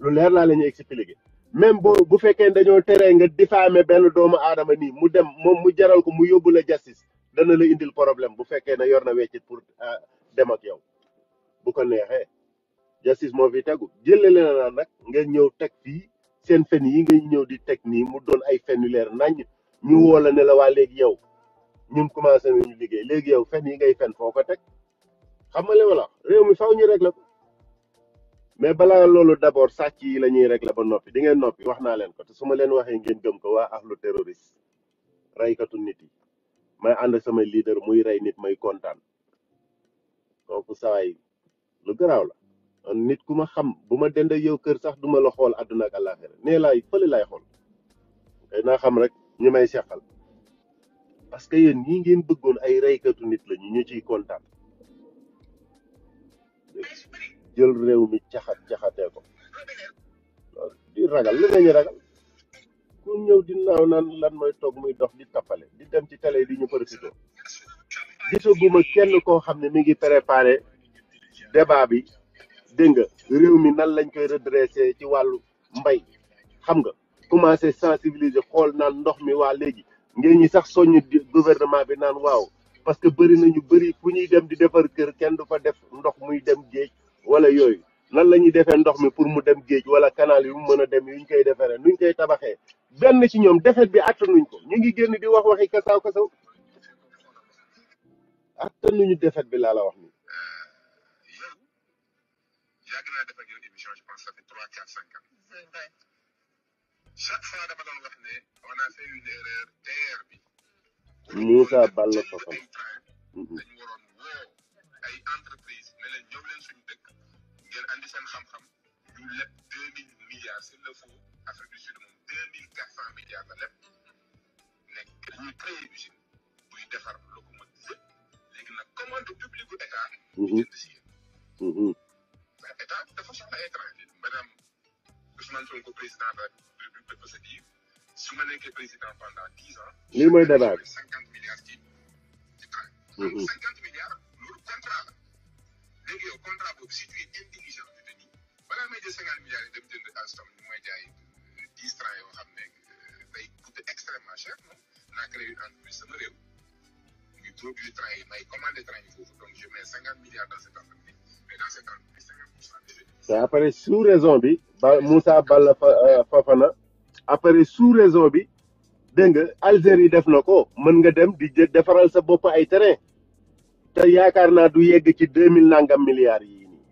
lu leer laa leen ñu expliqué même boo bu fekkee dañoo teree nga diffamer benn doomu aadama nii mu dem moom mu jaral ko mu yóbbu la justice dana la indil problème bu fekkee ne yor na weccit pour euh, dem ak yow bu ko neexee justice moo fi tegu jëlee leen naan nag ngeen ñëw teg fii seen fen yi ngeen ñëw di teg nii mu doon ay fen leer naññ ñu woo la waa léegi yow ñun commencé nañu liggéey légui yow fenn yi ngay fenn foo tek xam nga li ma réew mi faaw ñu régler ko mais bala lolu d'abord abord yi lañuy régler ba noppi di ngeen noppi wax naa leen ko te suma leen waxee ngeen gëm ko waa ahlu terroriste katu nit yi may ànd sama leader muy ray nit may kontaan kooku saway lu garaaw la nit ku ma xam bu ma yow kër sax duma la xool àdduna ak àllaaxira nee laay fële laay xool na xam rek ñu may seqal parce que yéen ñi ngeen bëggoon ay reykatu nit la ñu ñu ciy kontaan jël réew mi caxat caxatee ko di ragal lu ngeen ragal ku ñëw di naaw naan lan mooy toog muy dox di tappale di dem ci télé di ñu profité gisaguma kenn koo xam ne mi ngi préparé débat bi dégg nga réew mi nan lañ koy redressé ci wàllu mbay xam nga commencé sensibiliser xool naan ndox mi waa léegi ngeen ñi sax soññ gouvernement bi naan waaw parce que bëri nañu bëri fu ñuy dem di defar kër kenn du fa def ndox muy dem géej wala yooyu nan la ñuy defee ndox mi pour mu dem géej wala canal yu mu mën a dem yu ñu koy defaree nuñ koy tabaxee benn ci ñoom defet bi attanuñ ko ñu ngi génn di wax waxi kasaw kasaw attanuñu defet bi laa la wax ni. Euh, chaque fois dama doon wax ne on a fait une erreur terre bi. Moussa Ball la soxal. dañu waroon woo ay entreprise ne leen ñëw leen suñu dëkk ngeen andi seen xam-xam ñu leb deux mille milliards s'il le faut Afrique du Sud moom deux mille quatre cent milliards la leb nekk dañuy créé usine buy defar locomotive yëpp léegi nag commande publique bu état. ñu jënd si yéen. état dafa soxla étranger maanaam. Ousmane Sonko président de la République dafa dire su ma nekkee président pendant dix ans. lii mooy débat bi cinquante milliards ci ci train. Mm-hmm. cinquante milliards loolu contrat la léegi yow contrat boobu si tu es intelligent je te dis balaa may jël cinquante milliards yi dem jënd Alstom ñu may jaay dix train yoo xam ne euh, day coûter extrêmement cher moom naa créé une entreprise sama réew. muy produit train yi may commandé train yi foofu donc je mets cinquante milliards dans cette entreprise. te après sous raison bi ba Moussa Balla euh, Fofana après sous raison bi dégg nga Algérie def na ko mën nga dem di jë defaral sa bopp ay terrain te yaakaar naa du yegg ci deux mille nangam milliards yii nii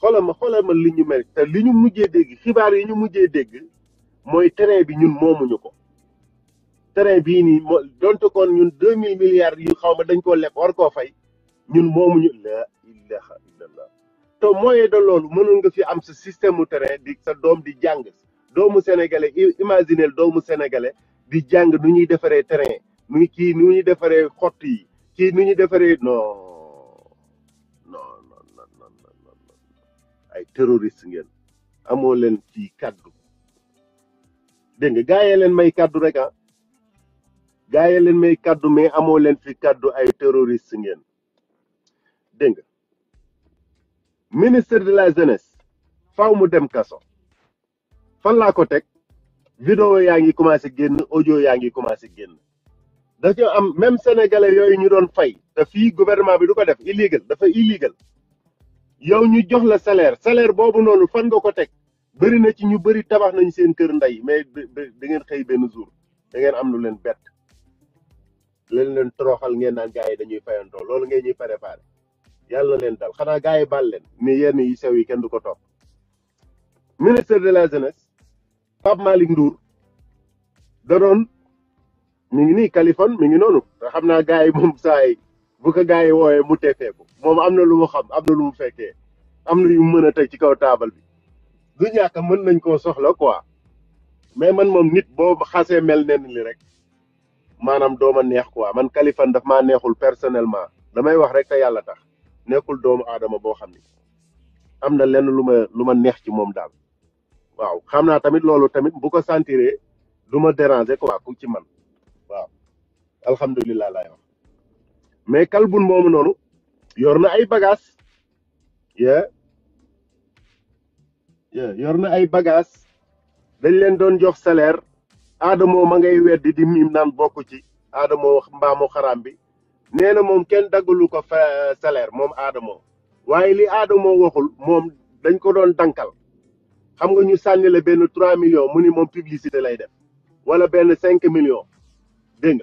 xoolal ma xoolal ma li ñu mel te li ñu mujjee dégg xibaar yi ñu mujjee dégg mooy terrain bi ñun moomuñu ko tere bii nii moo donte kon ñun deux mille milliards yu xaw ma dañ koo leb war koo fay ñun moomuñu la ilaha illallah te mooy de loolu mënul nga fi am sa système mu terrain di sa doom di jàng doomu sénégalais imaginel doomu sénégalais di jàng nu ñuy defaree terrain nu kii nu ñuy defaree xotti yi kii nu ñuy defaree non non non ay terroriste ngeen amoo leen fii kàddu dégg nga gaa yee leen may kàddu rek ah gaa leen may kàddu mais amoo leen fi kàddu ay terroriste ngeen dégg nga ministre de la jeunesse faw mu dem kaso fan laa ko teg vidéo yaa ngi commencé génn audio yaa ngi commencé génn dañu am même sénégalais yooyu ñu doon fay te fii gouvernement bi du ko def illégal dafa illégal yow ñu jox la salaire salaire boobu noonu fan nga ko teg bëri na ci ñu bëri tabax nañ seen kër ndey mais da ngeen xëy benn jour da ngeen am lu leen bett leen leen toroxal ngeen naan gars dañuy fayantoo loolu ngeen ñuy préparé yàlla leen dal xanaa gars yi baal leen ni yenn yi sew yi kenn du ko topp ministre de la jeunesse Pape Malick nduur da mu ngi nii Kaliphone mu ngi noonu nga xam naa gars yi moom saa bu ko gars yi woowee mu ko moom am na lu mu xam am na lu mu fekkee am na lu mu mën a teg ci kaw taabal bi du ñàkk mën nañ koo soxla quoi mais man moom nit boo xasee mel nen li rek maanaam dooma neex quoi man Kaliphone daf maa neexul personnellement damay wax rek te yàlla tax nekul doomu aadama boo xam ni am na lenn lu ma lu ma neex ci moom daal waaw xam naa tamit loolu tamit bu ko sentiree du ma déranger quoi ku ci man waaw alhamdulilah laay wax mais kalbun moomu noonu yor na ay bagas, ye ya, ye ya, yor na ay bagas. dañ leen doon jox salaire aadamoo ma ngay weddi di miim naan bokk ci aadamoo mbaamu xaraam bi nee na moom kenn daggalu ko fa euh, salaire moom aadamoo waaye li aadamoo waxul moom dañ ko doon dankal xam nga ñu sànni la benn trois millions mu ni moom publicité lay def wala benn cinq millions dégg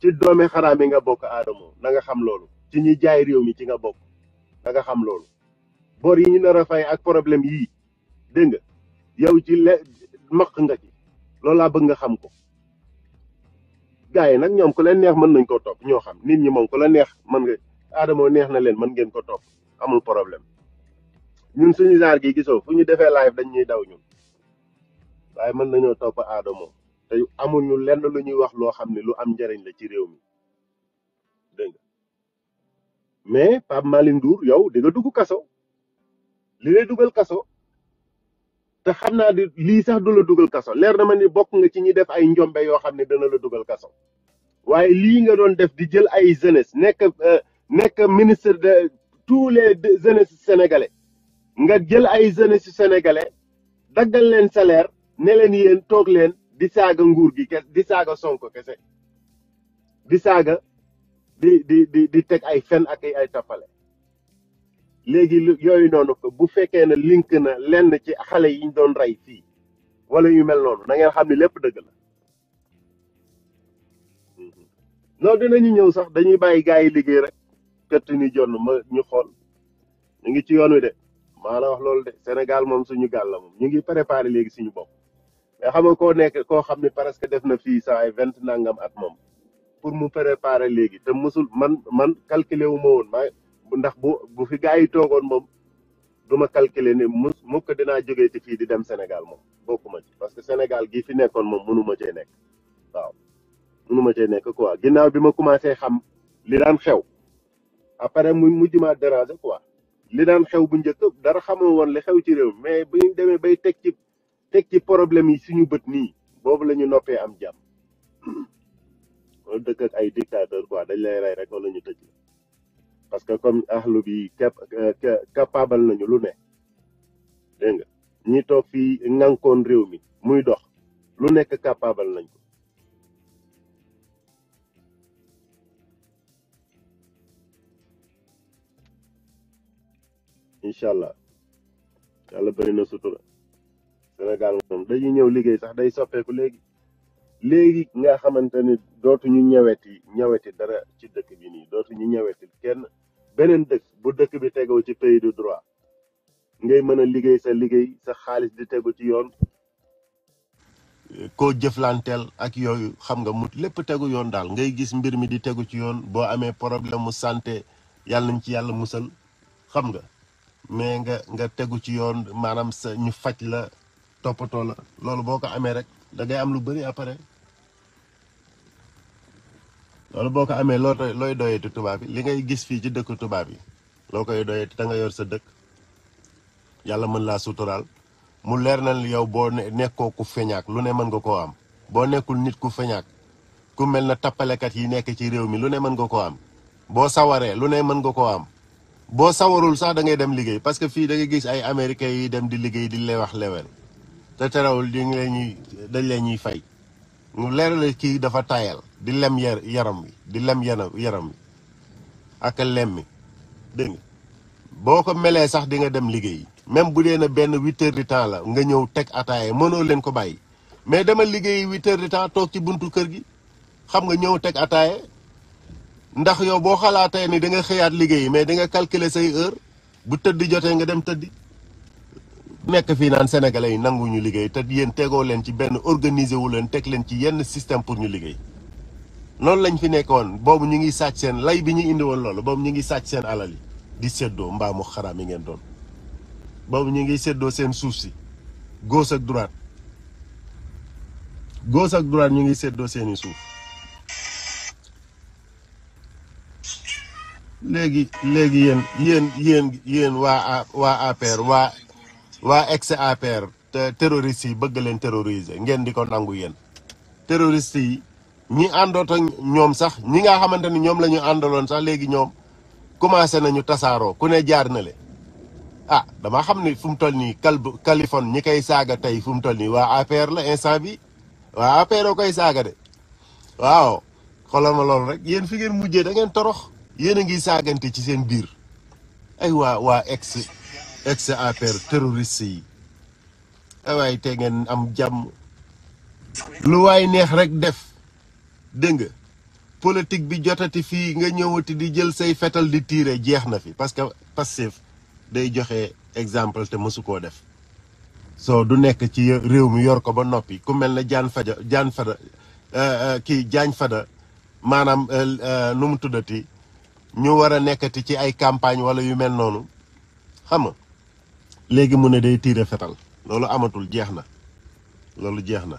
ci doome xaraam yi nga bokk aadamoo nanga xam loolu ci ñi jaay réew mi ci nga bokk na nga xam loolu bor yi ñu nar a fay ak problème yii dégg nga yow ci le nga ci loolu laa bëgg nga xam ko gars yi nag ñoom ku leen neex mën nañ ko topp ñoo xam nit ñi moom ku la neex mën nga aadamoo neex na leen mën ngeen ko topp amul problème ñun suñu genre gi gisoo fu ñu defee live dañ ñuy daw ñun waaye mën nañoo topp aadamoo te amuñu lenn lu ñuy wax loo xam ne lu am njariñ la ci réew mi dégg nga mais Pape Malick Ndour yow di dugg kaso li lay dugal kaso te xam naa di lii sax du la dugal kaso leer na ma ni bokk nga ci ñi def ay njombe yoo xam ne dana la dugal kaso waaye lii nga doon def di jël ay jeunesse nekk euh, nekk ministre de tous les jeunesse sénégalais nga jël ay jeunesse sénégalais daggal leen salaire ne leen yéen toog leen di saaga nguur gi kese di saaga sonko kese di saaga di di di di teg ay fen ak ay tappale léegi yooyu noonu bu fekkee ne link na lenn ci xale yiñ doon rey fii wala yu mel noonu na xam ni lépp dëgg la mm-hmm. non dinañu ñëw sax dañuy bàyyi gars yi liggéey rek këtt ni jonn ma ñu xool ñu ngi ci yoon wi de maa la wax loolu de Sénégal moom suñu gàll la moom ñu ngi préparé léegi suñu bopp mais xam nga koo nekk koo xam ne presque def na fii saa ay vingt nangam ak moom pour mu préparé léegi te mosul man man calculé wu ma woon ndax bu bu fi gaa yi toogoon moom du ma calculer ne mu mukk dinaa jógee ci fii di dem Sénégal moom ma ci parce que Sénégal gii fi nekkoon moom mënu ma cee nekk waaw mënu ma cee nekk quoi ginnaaw bi ma commencé xam li daan xew après mu mujj maa déranger quoi li daan xew bu njëkk dara xamoo woon li xew ci réew mais bu ñu demee bay teg ci teg ci problème yi suñu bët nii boobu la ñu noppee am jàmm [coughs] loolu dëkk ak ay dictateur quoi dañ lay rey rek wala ñu tëj parce que comme ahlu bi euh, capable nañu lu ne dégg nga ñi toog fii ŋànkoon réew mi muy dox lu nekk capable nañ ko incha allah yàlla bëri na sutura Sénégal moom dañuy ñëw liggéey sax day soppeeku léegi léegi nga xamante ni dootuñu ñëweti ñëweti dara ci dëkk bi nii ñu ñëweti kenn beneen dëkk bu dëkk bi tegoo ci pays de droit ngay mën a liggéey sa liggéey sa xaalis di tegu ci yoon ko jëflanteel ak yooyu xam nga mu lépp tegu yoon daal ngay gis mbir mi di tegu ci yoon boo amee problème mu santé yàlla nañ ci yàlla musal xam nga mais nga nga tegu ci yoon maanaam sa ñu faj la toppatoo la loolu boo ko amee rek da ngay am lu bëri après loolu boo ko amee loo looy doyeeti tubaab bi li ngay gis fii ci dëkku tubaab yi loo koy doyeeti te nga yor sa dëkk yàlla mën laa suturaal mu leer na yow boo nekkoo ku feñaak lu ne mën nga koo am boo nekkul nit ku feñaak ku mel na tappalekat yi nekk ci réew mi lu ne mën nga koo am boo sawaree lu ne mën nga koo am boo sawarul sax da dem liggéey parce que fii dangay gis ay américains yi dem di liggéey di lay wax lewel te terewul di ngi leen dañ leen ñuy fay mu leer la kii dafa tayal di lem yaram wi di lem yaram wi ak lemmi dégg nga boo ko melee sax di nga dem liggéey même bu dee na benn huit heures de la nga ñëw teg ataaya mënoo leen ko bàyyi mais demal liggéey huit heures de toog ci buntu kër gi xam nga ñëw teg ataaya ndax yow boo xalaatee ni da nga xëyaat liggéey mais da nga calculer say heure bu tëdd jotee nga dem tëdd nekk fii naan sénégalais yi nangu ñu liggéey te yéen tegoo leen ci benn organiser wu leen teg leen ci yenn système pour ñu liggéey loolu lañ fi nekkoon boobu ñu ngi sàcc seen lay bi ñu indi loolu boobu ñu ngi sàcc seen alal yi séddoo mbaamu xaraam yi ngeen doon boobu ñu ngi séddoo seen suuf si gauche ak droite gauche ak droite ñu ngi séddoo seeni suuf léegi léegi yéen yéen yéen yéen waa waa APR waa wa ex APR terroriste yi bëgg leen terroriser ngeen di ko nangu yeen terroriste yi ñi ak ñom sax ñi nga xamanteni ni lañu andalon sax léegi ñom commencé nañu tassaro ku ne jaar na le ah dama xamni ni fu mu toll nii kal ñi kay saga tay fu toll APR la instant bi wa APR ko koy de waaw xolama lool rek yeen fi ngeen mujjé da ngeen torox yeen a ngi saagante ci seen bir ay wa wa ex ex APR terroriste yi eh waaye te ngeen am jàmm lu waay neex rek def dégg nga politique bi jotati fii nga ñëwati di jël say fetal di tiire jeex na fi parce que Pastef day joxe exemple te mësu koo def so du nekk ci réew mi yor ko ba noppi ku mel ne jaan faja jaan fada eh, eh, kii jaañ fada maanaam nu mu tuddati ñu war a nekkati ci ay campagne wala yu mel noonu xam léegi mu ne day tiire fetal loolu amatul jeex na loolu jeex na.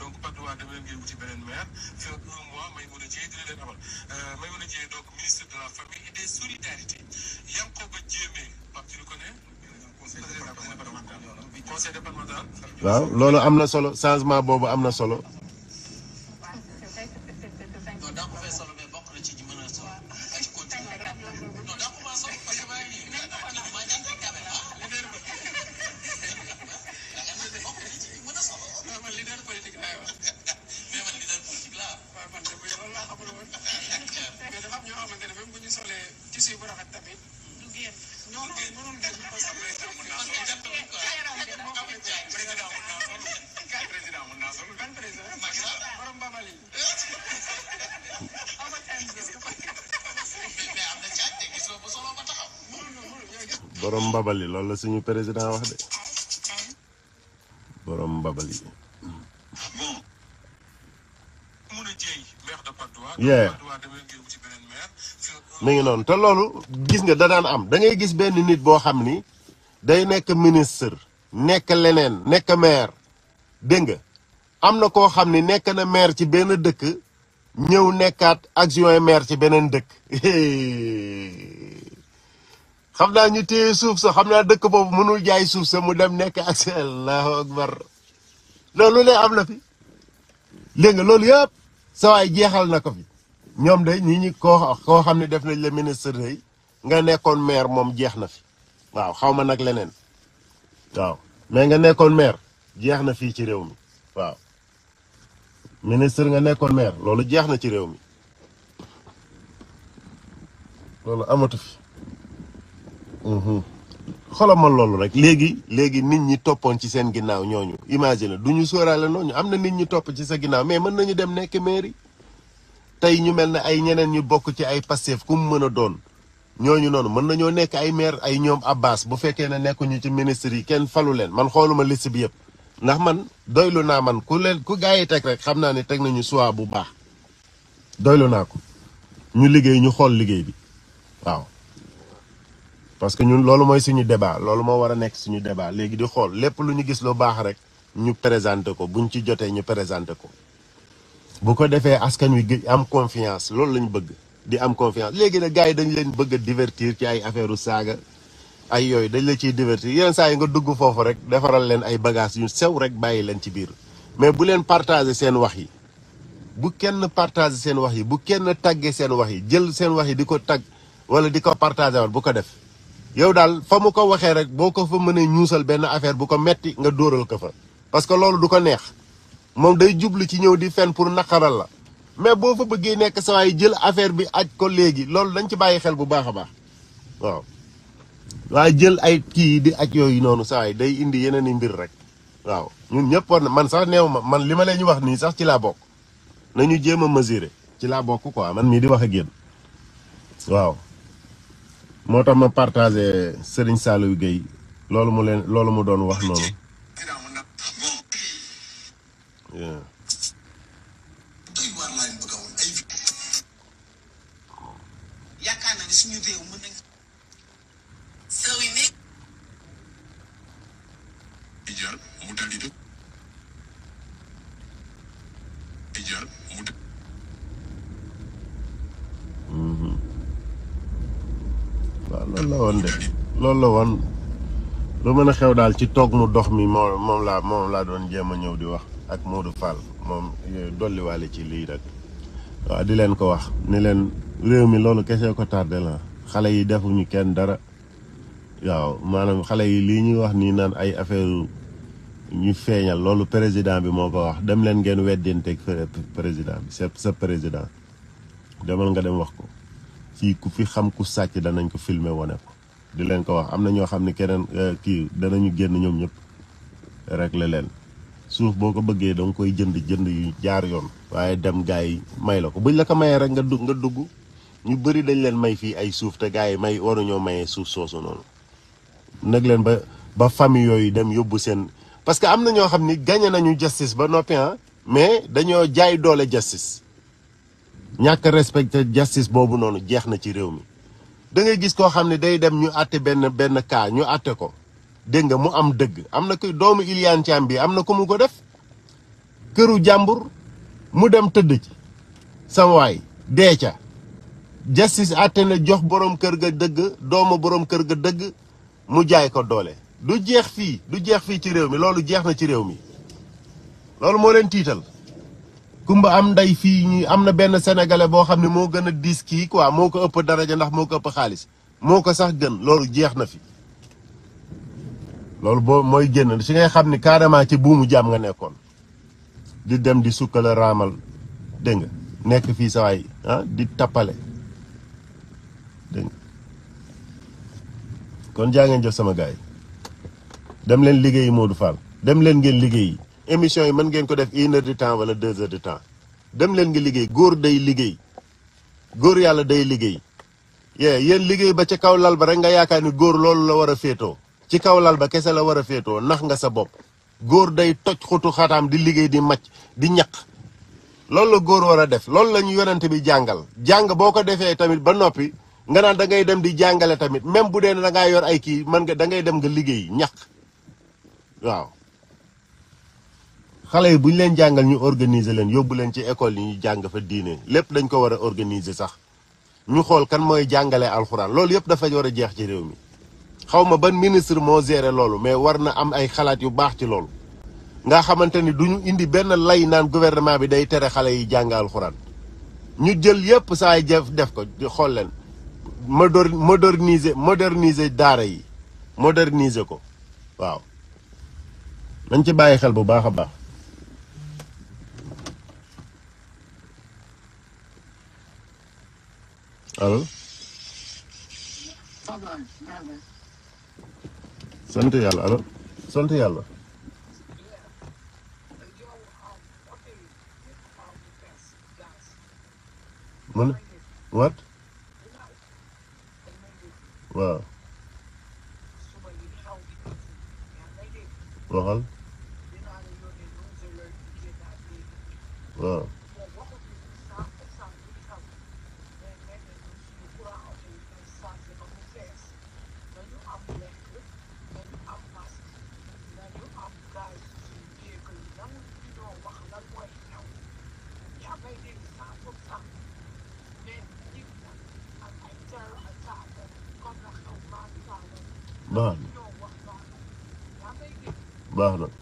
donc Padoa dem euh, waaw loolu am na solo changement boobu am na solo borom babali loolu la suñu président wax de borom babali yeah ngi noonu te loolu gis nga da am da ngay gis benn nit boo xam ni day nekk ministre nekk leneen nekk maire dégg nga am na koo xam ni nekk na maire ci benn dëkk ñëw nekkaat action maire ci beneen dëkk [laughs] xam naa ñu téye suuf sa xam naa dëkk boobu mënul jaay suuf sa mu dem nekk ak si allahu akbar loolu lay am na fi dégg nga loolu yëpp sa waay jeexal na ko fi ñoom de ñi ñi koo xam ne def nañ la ministre day nga nekkoon maire moom jeex na fi waaw xaw ma nag leneen waaw mais nga nekkoon maire jeex na fii ci réew mi waaw ministre nga nekkoon meer loolu jeex na ci réew mi loolu amatu fi xoolal ma loolu rek léegi léegi nit ñi toppoon ci seen ginnaaw ñooñu imagine du ñu sóoraale noonu am na nit ñi topp ci sa ginnaaw mais mën nañu dem nekk mairie tey ñu mel ne ay ñeneen ñu bokk ci ay Pastef ku mu mën a doon ñooñu noonu mën nañoo nekk ay maire ay ñoom Abbas bu fekkee ne nekkuñu ci ministre yi kenn falu leen man xooluma liste bi yëpp ndax man doylu naa man ku leen ku gaa yi teg rek xam naa ne teg nañu choix bu baax doylu naa ko ñu liggéey ñu xool liggéey bi parce que ñun loolu mooy suñu débat loolu moo war a nekk suñu débat léegi di xool lépp lu ñu gis lu baax rek ñu présenté ko ñu ci jotee ñu présenté ko bu ko defee askan wi gi am confiance loolu lañu bëgg di am confiance léegi nag gars yi dañu leen bëgg divertir ci ay affaire u saaga ay yooyu dañ la ciy divertir yenn saa yi nga dugg foofu rek defaral leen ay bagages ñu sew rek bàyyi leen ci biir mais bu leen partager seen wax yi bu kenn partage seen wax yi bu kenn tàggee seen wax yi jël seen wax yi di ko tagg wala di ko partager wal bu ko def yow daal fa mu ko waxee rek boo ko fa mënee ñuusal benn affaire bu ko metti nga dóoral ko fa parce que loolu du ko neex moom day jublu ci ñëw di fen pour naqaral la mais boo fa bëggee nekk sa waay jël affaire bi aj ko léegi loolu dañ ci bàyyi xel bu baax a baax waaw jël ay kii di aj yooyu noonu saa waay day indi yeneen i mbir rek waaw ñun ñëpp war man sax neew ma man li ma leen ñu wax nii sax ci laa bokk nañu jéem a mesurer ci laa bokk ko man mii di wax ak yéen waaw moo tax ma partagé Serigne Saliou Gueye loolu mu leen loolu mu doon wax noonu. woon de loolu la woon lu mën a xew daal ci toog mu dox mi moo moom laa moom laa doon jéem a ñëw di wax ak Modou Fall moom eh, dolliwaale ci lii rek waaw di leen ko wax ni leen réew mi loolu kese ko tardé la xale yi defuñu kenn dara waaw maanaam xale yi lii ñuy wax nii naan ay affaire ñu feeñal loolu président bi moo ko wax dem leen ngeen weddanteeg président bi sa président demal nga dem wax ko fii ku fi xam ku sàcc danañ ko filmer wone ko di leen ko wax am na ñoo xam ne keneen euh, kii danañu génn ñoom ñëpp régler leen suuf boo ko bëggee danga koy jënd jënd yu jaar yoon waaye dem gars yi may la ko buñ la ko mayee rek nga dugg nga dugg ñu bëri dañ leen may fii ay suuf te gars yi may waruñoo mayee suuf soosu noonu nag leen ba ba famille yooyu dem yóbbu seen parce que am na ñoo xam ni gagné nañu justice ba noppi ah mais dañoo jaay doole justice ñàkk respecté justice boobu noonu jeex na ci réew mi dangay gis koo xam ne day dem ñu àtte benn benn cas ñu àtte ko dégg nga mu am dëgg am na ko doomu Iliane Thiam bi am na ko mu ko def këru jàmbur mu dem tëdd ci sama waay dee ca justice àtte na jox borom kër ga dëgg doomu borom kër ga dëgg mu jaay ko doole du jeex fii du jeex fii ci réew mi loolu jeex na ci réew mi loolu moo leen tiital kumba am nday fi ñi amna ben sénégalais bo xamni mo gëna diski quoi moko ko ëpp daraja ndax moko ëpp xaaliss moko sax gën lolu jeex na fi lolu bo moy gën ci ngay xamni carrément ci boomu jam nga nekkon di dem di sukkal ramal dégg nga nekk sa ah di tapalé deng, nga kon jaa jox sama gaay dem len liggéey Modou Fall dem len ngeen liggéey émission yi mën ngeen ko def une heure de temps wala deux heures de temps dem leen nga liggéey góor day liggéey góor yàlla day liggéey yee yéen liggéey ba ca kaw lal ba rek nga yaakaar ni góor loolu la war a féetoo ci kaw lal ba kese la war a féetoo nax nga sa bopp góor day toj xutu xataam di liggéey di macc di ñaq loolu la góor war a def loolu la ñu yonent bi jàngal jàng boo ko defee tamit ba noppi nga naan da ngay dem di jàngale tamit même bu dee na ngaa yor ay kii mën nga da dem nga liggéey ñaq waaw xale yi bu ñu leen jàngal ñu organiser leen yóbbu leen ci école yi ñu jàng fa diine lépp dañ ko war a organiser sax ñu xool kan mooy jàngale alxuraan loolu yëpp dafa war a jeex ci réew mi xaw ma ban ministre moo géré loolu mais war na am ay xalaat yu baax ci loolu nga xamante ni duñu indi benn lay naan gouvernement bi day tere xale yi jàng alxuraan ñu jël yëpp saay jëf def ko xool leen moderniser moderniser daara yi moderniser ko waaw nañ ci bàyyi xel bu baax a baax allo sant yàlla allo sant yàlla mu ne wat waaw waxal ظهري ظهرك